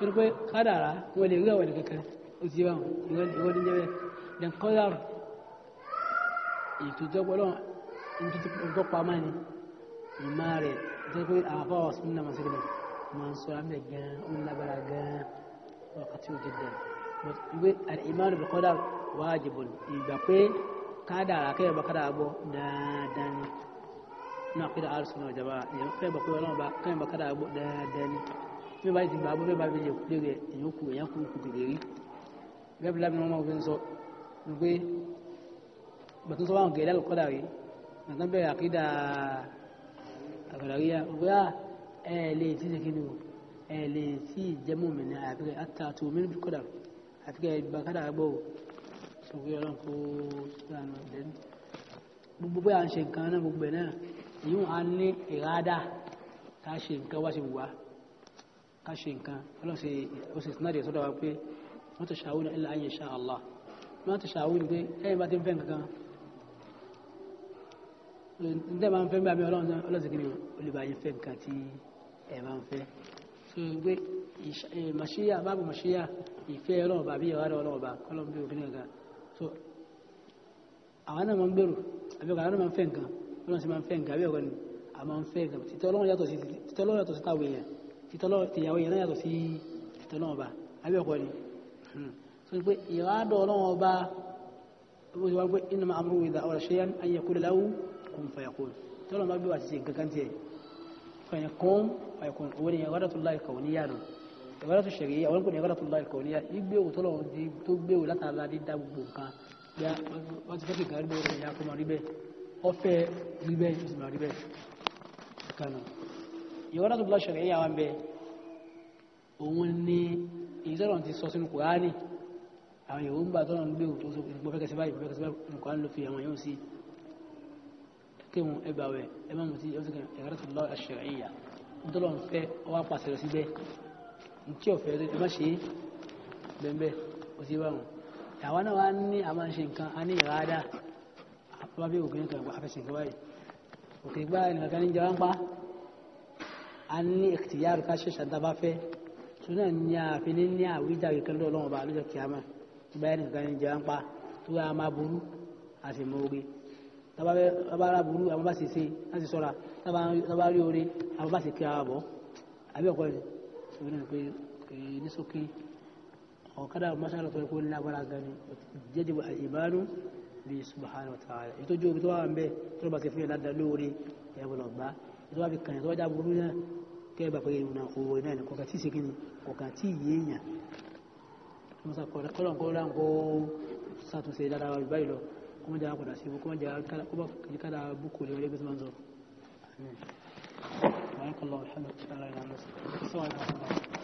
تقول كوي خدارة أول يوم وين لك وزيبان يقول يقول إن جبل لأن قدر يتوجب ولا tó pamọ́ ni ìmá rẹ̀ jẹ́ pé àwọn àwọn súnmọ́ máa sílẹ̀ máa ń sọ àmì gan ó ń lágbára gan wákàtí òjì dẹ̀ but ìwé ìmánu bí kọ́dà wájibun ìgbà pé kádàrà kẹ́yọ̀ bá kádàrà bọ́ dáadáa ni náà kí dáa sùn náà jaba èèyàn fẹ́ bọ̀ pé ọlọ́run bá kẹ́yọ̀ bá kádàrà bọ́ dáadáa ni bí wọ́n bá ti gbà bọ́ bí wọ́n bá fi lè kúlé rẹ̀ èèyàn kú èèyàn kú kú kèké rí bẹ́ẹ̀ bí lábẹ́ wọn máa fi ń sọ wípé bàtún sọ báwọn gẹ̀ẹ́dá lọ́kọ́dà rí nàtàn bẹ̀rẹ̀ àkídà àgbàdàríyà bóyá ẹ lè tí ṣe kí ni o ẹ lè tí ìjẹ́mú mi ní àfikẹ́ àtàtù mi níbi kọ́dà àfikẹ́ ìgbàkádà àgbọ̀ o sọ̀rọ̀ ọlọ́run kó sọ̀rọ̀ ọ̀dẹ́ gbogbo bóyá à ń ṣe nǹkan náà gbogbo ẹ̀ náà yíwọ̀n á ní ìrádà ká ṣe nǹkan wá ṣe wùwá ká ṣe nǹkan ọlọ́sẹ̀ ọ̀sẹ̀ sinadì sọ́dọ̀ wa pé wọ́n ti ṣàwọn ilẹ̀ ayé ṣá Allah ti ṣàwọn ilẹ̀ ẹ̀yìn bá ti ń fẹ́ nǹkan ǹdẹ́ máa ń fẹ́ bá mi ọlọ́run náà ọlọ́sìn kìíní olùbàyìn fẹ́ nǹkan tí ẹ máa ń fẹ́ so gbé màṣíyà báàbù màṣíyà ìfẹ́ ọlọ́run bàbí ìyàwó rẹ ọlọ́run bá kọ́lọ́n bí òkìní nǹkan so àwọn náà máa ń gbèrò àbí ọkọ̀ àwọn náà máa ń fẹ́ nǹkan ọlọ́run sì máa ń fẹ́ nǹkan àbí ọkọ̀ ni a máa ń fẹ́ nǹkan títọ́ yàtọ̀ sí táwọn èèyàn tìyàwó hmm. so pé ìrádọ̀ ọlọ́run ọba ó ti wá pé inú máa amúrú kun fayakun tọ́lọ̀ bá gbé wá sí nǹkan kan tiẹ̀ fayakun fayakun òun ni ìwádàtúláì kàwọ́níyà nù ìwádàtú ṣẹ̀rí àwọn kò ní ìwádàtúláì kàwọ́níyà ìgbéwò tọ́lọ̀ tó gbéwò látara dídá gbogbo nǹkan ya wọ́n ti fẹ́ kí gàrí bẹ́ẹ̀ rẹ̀ ya kọ́ mọ̀ rí bẹ́ẹ̀ ọ̀fẹ́ rí bẹ́ẹ̀ ó sì mọ̀ rí bẹ́ẹ̀ kànà ìwádàtúláì ṣẹ̀rí yà wọn bẹ́ẹ̀ òun ni ìṣẹ́rọ̀ ti sọ sínú kùránì àwọn yòówù ń bá tọ́lọ̀ ń gbéwò tó sọ fẹ́kẹsẹ́ báyìí fẹ́kẹsẹ́ báyìí nǹkan ló fi àwọn yóò sí kéwọn ẹgbà wẹ ẹ má mutí ẹ sọkàn ẹgbẹrẹ tó lọ ash-shar'iyya ntọ́lọ́ nfẹ́ ọwọ́ apàṣẹ rẹ síbẹ̀ ntí ọ̀fẹ́ rẹ ẹ má ṣe bẹ́ẹ̀ ó ti bá wọn àwọn náà wá ní àmà ṣe nǹkan a ní ìrádá àpapọ̀ bí òkè nǹkan àgbà afẹ́sìn kan báyìí òkè gbá ẹnìkan kan ní jẹ wá ń pa a ní ikhtiyar ká ṣẹ̀ṣà dábá fẹ́ tó náà ní àfi ní ní àwíjàre kan lọ́wọ́ ọlọ́wọ́ bá lọ́jọ́ kíámà báyìí nìkan ní jẹ wá ń pa tó yà máa burú àti mọ́ orí tábà rà burú àwọn bá sì ṣe láti sọ́ra tábà rí oore àwọn bá sì kí ara bọ̀ àbí ọ̀kọ́ rẹ̀ náà pé ní ọ̀kadà mọ́ṣálọ̀ tó lágbára gan ni jẹ́jẹ́ ìbánú bí subhanahu wa ta'ala ètò ojú omi tó wà ń bẹ tó lọ́ba ṣe fún yẹn ládàá lóore ẹ̀ bọ̀ lọ́gbà tó wà fi kàn yẹn tó wà já burú náà kẹ́ ẹ bá pé ìrìnà òwò náà ni kọ̀ọ̀kan tí ì ṣe kọ̀ọ̀kan tí ì yéèyàn kọ́lọ̀ kọ́lọ̀ kó ṣàtúnṣe dáadáa báyìí lọ kuma da haƙura sai kuma da kuma kada buku da wani bisman zo. Barakallahu alhamdulillah.